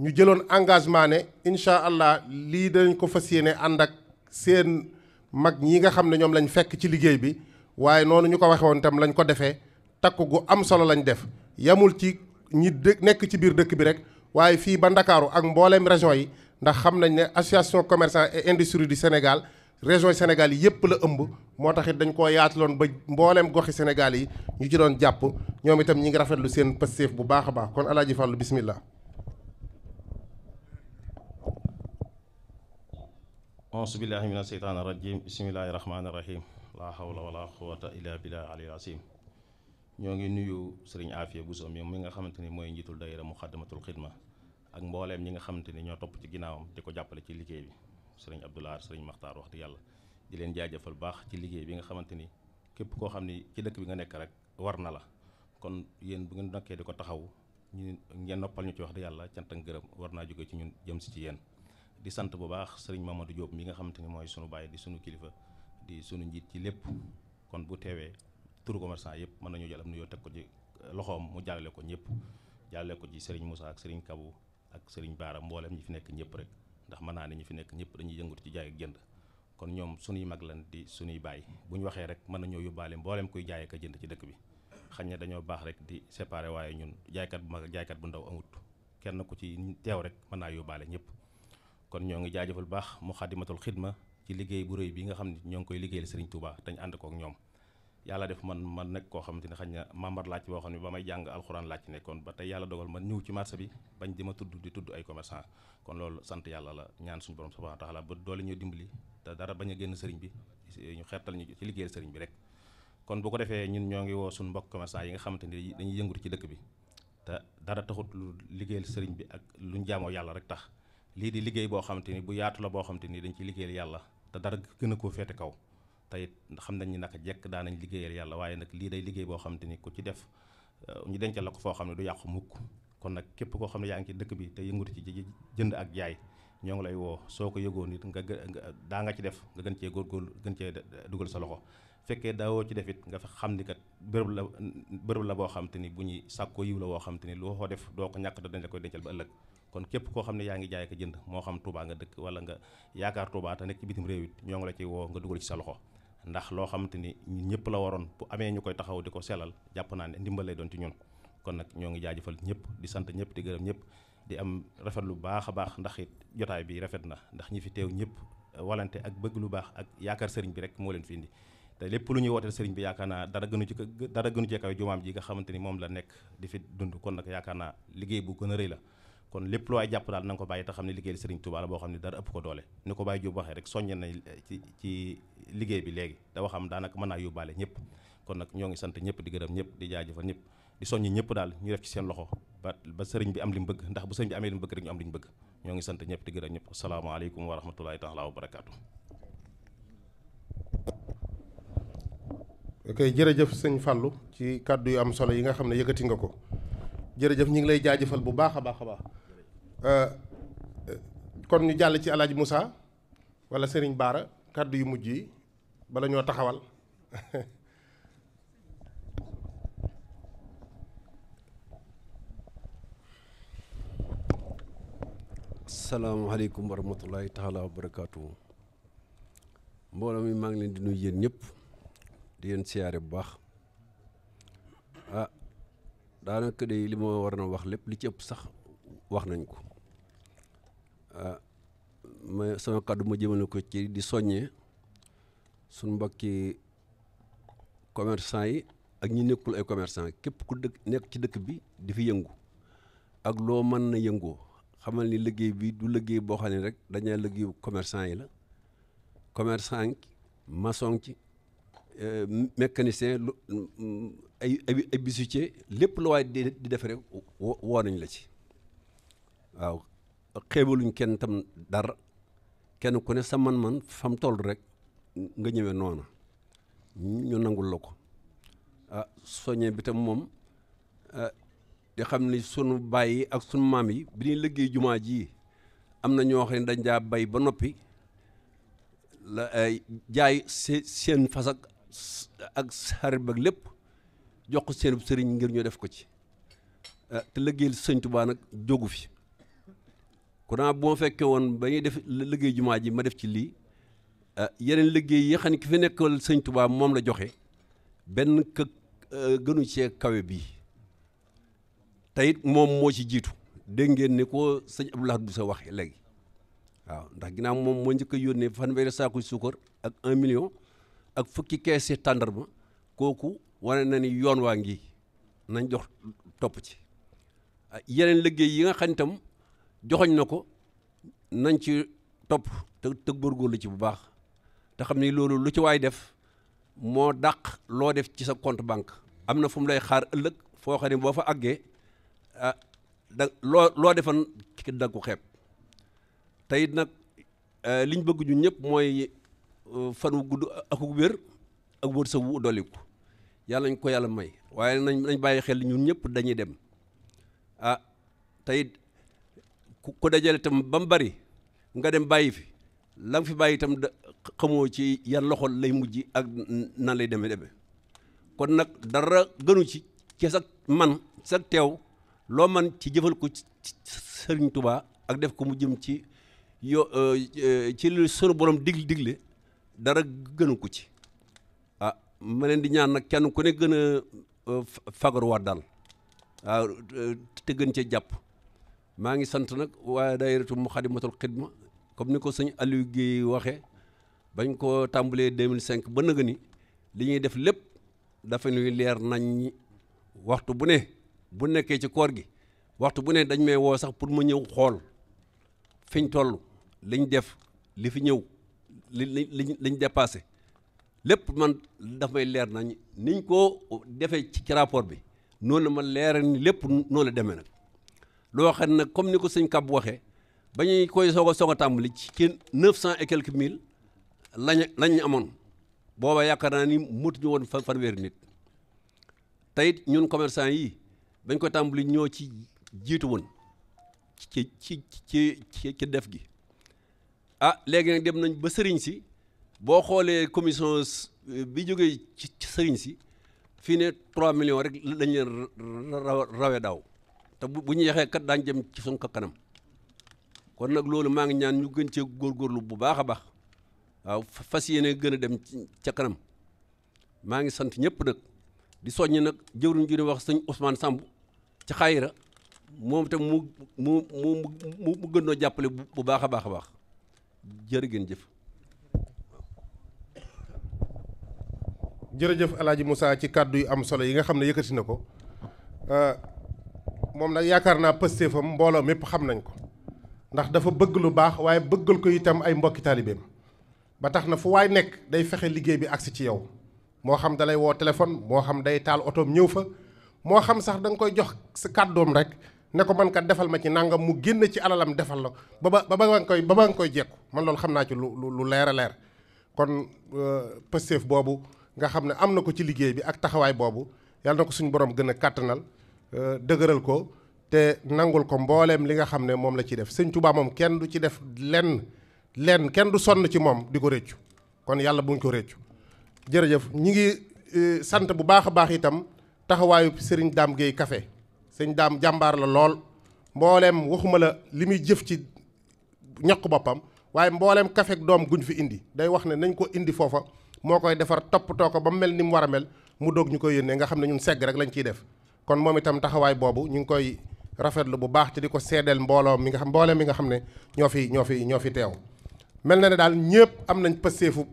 ñu jëloon engagement ne incha allah lii dañ ko fas yéene ànd ak seen. mag ñi nga xam ne ñoom lañ fekk ci liggéey bi waaye noonu ñu ko waxee woon itam lañ ko defee takk gu am solo lañu def yamul ci ñi dë nekk ci biir dëkk bi rek waaye fii ba Ndakaaru ak mbooleem région yi ndax xam nañ ne association commercant et industrie du Sénégal région yi Sénégal yi yëpp la ëmb moo tax it dañ koo yaataloon ba mbooleem goxi Sénégal yi ñu ci doon jàpp ñoom itam ñi ngi rafetlu seen pësteef bu baax a baax kon Alaaji Fàllu bismillah auzu billaahi mina seytaani rajiim bismillaahi rahmaani rahiim laa hawla wala quwwata illaa billaahi aliyil asiim ñoo ngi nuyu sëriñ Afia Bousso mi mi nga xamante ni mooy njiitul daayira Muxaddamatul Xidma ak mbooleem ñi nga xamante ni ñoo topp ci ginnaawam di ko jàppale ci liggéey bi sëriñ Abdoulaye sëriñ Maxtaar wax di yàlla di leen jaajëfal baax ci liggéey bi nga xamante ni képp koo xam ni ci dëkk bi nga nekk rek war na la kon yéen bu ngeen nekkee di ko taxaw ñu ngeen noppal ñu ci wax dëgg yàlla cant gërëm war naa jóge ci ñun jëm si ci yéen di sant bu baax sëriñ Mamadou Diop mi nga xamante ni mooy sunu bàyyi di sunu kilifa di sunu njiit ci lépp kon bu teewee turu commerçant yëpp mën nañoo jël am nuyoo teg ko ci euh, loxoom mu jàllale ko ñëpp jàllale ko ci sëriñ Moussa ak sëriñ Kabou ak sëriñ Baara mboolem ñi fi nekk ñëpp rek ndax mën naa ne ñi fi nekk ñëpp dañuy yëngatu ci jaay ak jënd kon ñoom sunuy mag lan di sunuy bàyyi bu ñu waxee rek mën nañoo yóbbaale mbooleem koy jaay ak jënd ci dëkk bi xañ na dañoo baax rek di séparé waaye ñun jaaykat bu mag ak jaaykat bu ndaw amut kenn ku ci teew rek mën naa yóbbaale ñëpp kon ñoo ngi jaajëfal baax Muxaddamatul Xidma ci liggéey bu rëy bi nga xam ne ñoo ngi koy liggéeyal Serigne Touba te ñu ànd kook ñoom yàlla def man man nekk koo xamante ne xañ na membre laaj boo xam ne ba may jàng alxuraan laaj nekkoon ba tey yàlla dogal man ñëw ci marché bi bañ di ma tudd di tudd ay commerçant kon loolu sant yàlla la ñaan suñu borom subhanahu wa taala ba doole ñu dimbali te dara bañ a génn sëriñ bi ñu xeetal ñu ci liggéeyal sëriñ bi rek kon bu ko defee ñun ñoo ngi woo suñu mbokk commerçant yi nga xamante ni dañuy yëngatu ci dëkk bi dara taxut lu liggéeyal sëriñ bi ak luñ jaamoo yàlla rek tax lii di liggéey boo xam te ni bu yaatu la boo xam te ni dañ ci liggéeyal yàlla te dara gën a koo feete kaw te it xam nañ ni naka jekk daanañ liggéeyal yàlla waaye nag lii day liggéey boo xam te ni ku ci def euh, ñu dencal la ko foo xam ne du yàqu mukk kon nag képp koo xam ne yaa ngi ci dëkk bi te yëngatu ci jënd ak jaay ñoo ngi lay woo soo ko yëgoon nit nga daa nga ci def nga gën cee góorgóorlu gën cee dugal sa loxo fekkee daawoo ci def it nga xam ni kat bërëb la bërëb la boo xam te ni bu ñuy sàkkoo yiw la woo xam te ni loo ko def doo ko ñàkk da dañ la koy dencal ba kon képp koo xam ne yaa ngi jaay ko jënd moo xam Touba nga dëkk wala nga yaakaar Touba te nekk ci bitim réew it ñoo ngi la ci woo nga dugal ci sa loxo ndax loo xamante ni ñun ñëpp la waroon bu amee ñu koy taxaw di ko selal jàpp naa ne ndimbal lay doon ci ñun kon nag ñoo ngi jaajëfal ñëpp di sant ñëpp di gërëm ñëpp di am rafet lu baax a baax ndax it jotaay bi rafet na ndax ñi fi teew ñëpp walante ak bëgg lu baax ak yaakaar sëriñ bi rek moo leen fi te lépp lu ñuy wooteel sëriñ bi yaakaar naa dara gënu ci dara gënu ci kaw jumaam ji nga xamante ni moom la nekk di fi dund kon nag yaakaar naa liggéey bu gën a rëy la kon lépp lu waay jàpp daal na ko bàyyi te xam ne liggéey Serigne Touba la boo xam ne dara ëpp ko doole ni ko Baye Diop waxee rek soññe na ci ci liggéey bi léegi da daanaka mën naa yóbbaale ñëpp kon nag ñoo ngi sant ñëpp di gërëm ñëpp di jaajëfal ñëpp di soññ ñëpp daal ñu def ci seen loxo ba sëriñ bi am li mu bëgg ndax bu sëriñ bi amee li mu bëgg ñu am ñoo ngi sant ñëpp di gërëm ñëpp asalaamaaleykum wa rahmatulahi taala wa barakaatu ok jërëjëf sëñ Fallou ci kàddu yu am solo yi nga xam ne yëkkati nga ko jërëjëf ñu ngi lay jaajëfal bu baax a baax a baax Euh, kon ñu jàll ci El Hadj Moussa wala Serigne Baara kàddu yu mujj yi bala ñoo taxawal salaamaaleykum wa rahmatullahi taala wa barakaatu mbooloo mi maa ngi leen di nuyu yéen ñëpp di leen siyaare bu baax a ah, daanaka de li ma war na wax lépp li ci ëpp sax wax nañ ko ah ma sama kàddu ma jëmale ko ci di soññee suñ mbokki commercant yi ak ñi nekkul ay commerçant képp ku dëkk nekk ci dëkk bi di fi yëngu ak loo mën na yëngoo xamal ni liggéey bi du liggéey boo xam ne rek dañaa liggéeyu commerçant yi la commerçant maçon ci eh, mécanicien lu ay ay bijoutier lépp lu waay di def rek woo nañ la ci waaw xeebaluñ kenn tam dara kenn ku ne sa man-man fam toll rek nga ñëwe noona ñu nangul la ko ah soññe bi tam moom ah, di xam ni sunu bàyyi ak sunu maam yi bi ñuy liggéey jumaa ji am na ñoo xam ne dañ daa bay ba noppi la ay jaay seen fas ak ak lépp jox ko seen sëriñ ngir ñu def ko ci ah, te liggéeyal sëñ Tuubaa jógu fi courant naa boo fekkee woon ba ñuy def liggéey jumaa ji ma def ci lii ah, yeneen liggéey yi xam ne ki fi nekkal sëñ tubaab moom la joxe benn kë euh, gënu cee kawe bii te moom moo ci jiitu dégg ngeen ni ko sëñ bu sa wax léegi waaw ndax ginnaaw moom moo njëkk a yónnee fanweeri saaku suukar ak un million ak fukki keesi tàndarma kooku wane na ni yoon waa ngi nañ jox topp ci ah, yeneen liggéey yi nga xam joxoñ na ko nañ ci topp te te góorgóorlu ci bu baax te xam ni loolu lu ci waay def moo dàq loo def ci sa compte banque am na fu mu lay xaar ëllëg foo xam ne boo fa àggee ah da loo loo defan ki da ko xeeb te nag eh, liñ bëgg ñun ñëpp mooy eh, fan wu gudd ak wér ak wërsëg sa dolliku yàlla nañ ko yàlla may waaye nañ nañ bàyyi xel ñun ñëpp dañuy dem ah ku dajale itam ba mu bari nga dem bàyyi fi la fi bàyyi itam xamoo ci yan loxo lay mujj ak nan lay demee demee kon nag dara gënu ci ci sa man sa teew loo man ci jëfal ko ci sëriñ tubaa ak def ko mu jëm ci yo euh, euh, ci li sunu borom digl digle dara gënu ko ci ah ma di ñaan nag kenn ku ne gën a euh, fagaruwaat daal waaw ah, te gën cee jàpp maa ngi sant nag waaye waa daayiratu Muxaddamatul Xidma comme ni ko sëñ Aliou gi waxee bañ ko tàmbalee 2005 ba nëgë ni li ñuy def lépp dafa ñuy leer nañ waxtu bu ne bu nekkee ci koor gi waxtu bu ne dañ may woo sax pour ma ñëw xool fiñ toll liñ def li fi ñëw li liñ liñ dépassé lépp man daf may leer nañ niñ ko defee ci rapport bi noonu la ma leer ni lépp noonu la demee nag loo xam nag comme ni ko sëñ Kab waxee ba ñuy koy soog a soog a tàmbali ci neuf cent et quelques mille lañ lañu amoon booba yaakaar naa ni motuñu woon fan fanweeri nit tayit ñun commerçant yi bañ ko tàmbali ñoo ci jiitu woon ci ci ci ci def gi ah léegi dem nañ ba sëriñ si boo xoolee commission bi jógee ci sëriñ si fii ne trois millions rek lañ leen rawe daaw te bu bu ñu yaxee kat daañ jëm ci suñ kanam kon nag loolu maa ngi ñaan ñu gën cee góorgóorlu bu baax a baax waaw fas yéene gën a dem ca kanam maa ngi sant ñëpp nag di soññ nag jëwriñ ju ne wax sëñ Ousmane Samb ci xayira moom tam mu mu mu mu gën noo jàppale bu baax a baax a baax jërë gën jëf. jërëjëf El Hadj Moussa ci kàddu yu am solo yi nga xam ne yëkkati na ko. Ah, moom nag yaakaar naa pëstéefam mbooloo mépp xam nañ ko ndax dafa bëgg lu baax waaye bëggal ko itam ay mbokki taalibeem ba tax na fu waay nekk day fexe liggéey bi agsi ci yow moo xam dalay woo téléphone moo xam day taal otoom ñëw fa moo xam sax da nga koy jox sa kàddoom rek ne ko man kat defal ma ci nangam mu génn ci alalam defal la ba ba ba ba nga koy ba ba nga koy jekku man loolu xam naa ci lu lu leer a leer kon euh, pëstéef boobu nga xam ne am na ko ci liggéey bi ak taxawaay boobu yàlla ko suñu borom gën a kàttanal Euh, dëgëral ko te nangul ko mbooleem li nga xam ne moom la ciy def sëñ Tuubaa moom kenn du ci def lenn lenn kenn du sonn ci moom di ko réccu kon yàlla buñ ko réccu jërëjëf ñi ngi euh, sant bu baax a baax itam taxawaayu sëriñ Daam Géey Kafe sëñ Daam jàmbaar la lool mbooleem waxuma la li muy jëf ci ñaq boppam waaye mbooleem kafek doom guñ fi indi day wax ne nañ ko indi foofa moo koy defar toppatoo ko ba mu mel ni mu war a mel mu doog ñu koy yónnee nga xam ne ñun segg rek lañ ciy def kon moom itam taxawaay boobu ñu ngi koy rafetlu bu baax te di ko seedeel mbooloo mi nga xam mbooloo mi nga xam ne ñoo fi ñoo fi ñoo fi teew mel na ne daal ñëpp am nañ pasteefu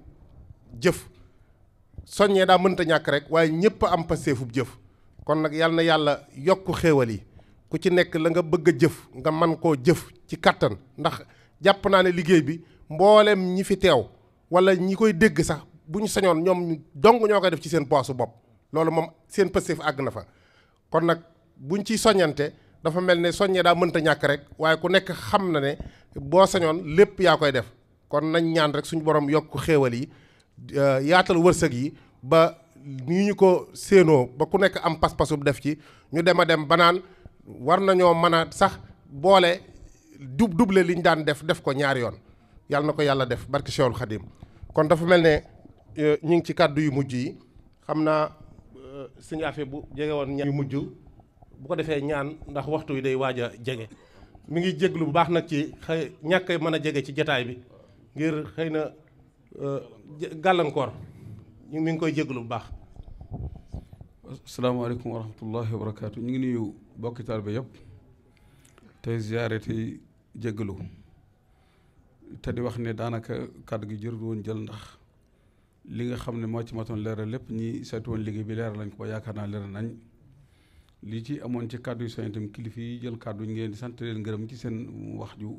jëf soññee daa mënta ñàkk rek waaye ñëpp am pasteefu jëf kon nag yàlla na yàlla yokk xéewal yi ku ci nekk la nga bëgg jëf nga man koo jëf ci kàttan ndax jàpp naa ne liggéey bi mbooleem ñi fi teew wala ñi koy dégg sax bu ñu sañoon ñoom dong ñoo koy def ci seen poosu bopp loolu moom seen pasteef àgg na fa kon nag buñ ciy soññante dafa mel ne soññe daa mënta ñàkk rek waaye ku nekk xam na ne boo sañoon lépp yaa koy def kon nañ ñaan rek suñu borom yokk xéewal yi euh, yaatal wërsëg yi ba ni ñu ko séenoo ba ku nekk am pas-pasu def ci ñu dem a dem banaan war nañoo mën a sax boole dub duble li ñu daan def def ko ñaari yoon yàlla na ko yàlla def barki Cheikhul Khadim kon dafa mel ne euh, ñu ci kàddu yu mujj yi xam naa sëñ Afe bu jegewoon woon ñaan yu mujj bu ko defee ñaan ndax waxtu wi day waaj a jege mi ngi jéglu bu baax nag ci xëy ñàkk mën a jege ci jataay bi ngir xëy na euh, gàllankoor mi ngi koy jéglu bu baax asalaamaaleykum wa rahmatullahi wa ñu ngi nuyu bokki taalibe yëpp tey ziyaare tey jéglu te di wax ne daanaka kàddu gi jër woon jël ndax li nga xam ne moo ci matoon leeral lépp ñi seetu woon liggéey bi leeral lañ ko yaakaar naa leeral nañ li ci amoon ci kàddu yu soññ itam kilifa yi jël kàddu ñu ngeen leen di sant leen ngërëm ci seen wax ju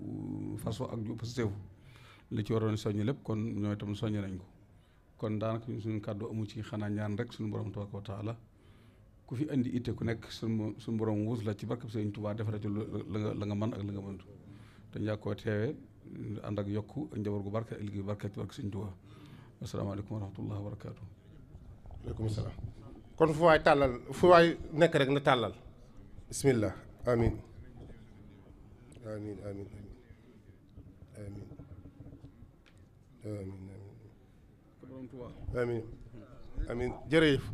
façon ak ju pasteefu li ci waroon soññ lépp kon ñoo itam soññ nañ ko kon daanaka suñu kàddu amu ci xanaa ñaan rek suñu borom tabaaraka wa taala ku fi indi itte ku nekk suñu suñu borom wuus la ci barkab Sëriñ Tuubaa defara ci la nga la nga mën ak la nga mëntu te ñàkkoo teewee ànd ak yokk njaboot gu barke liggéey barke ci barke asalaamaaleykum wa rahmatulah wa amin amin amin amin amin amin amin jërëjëf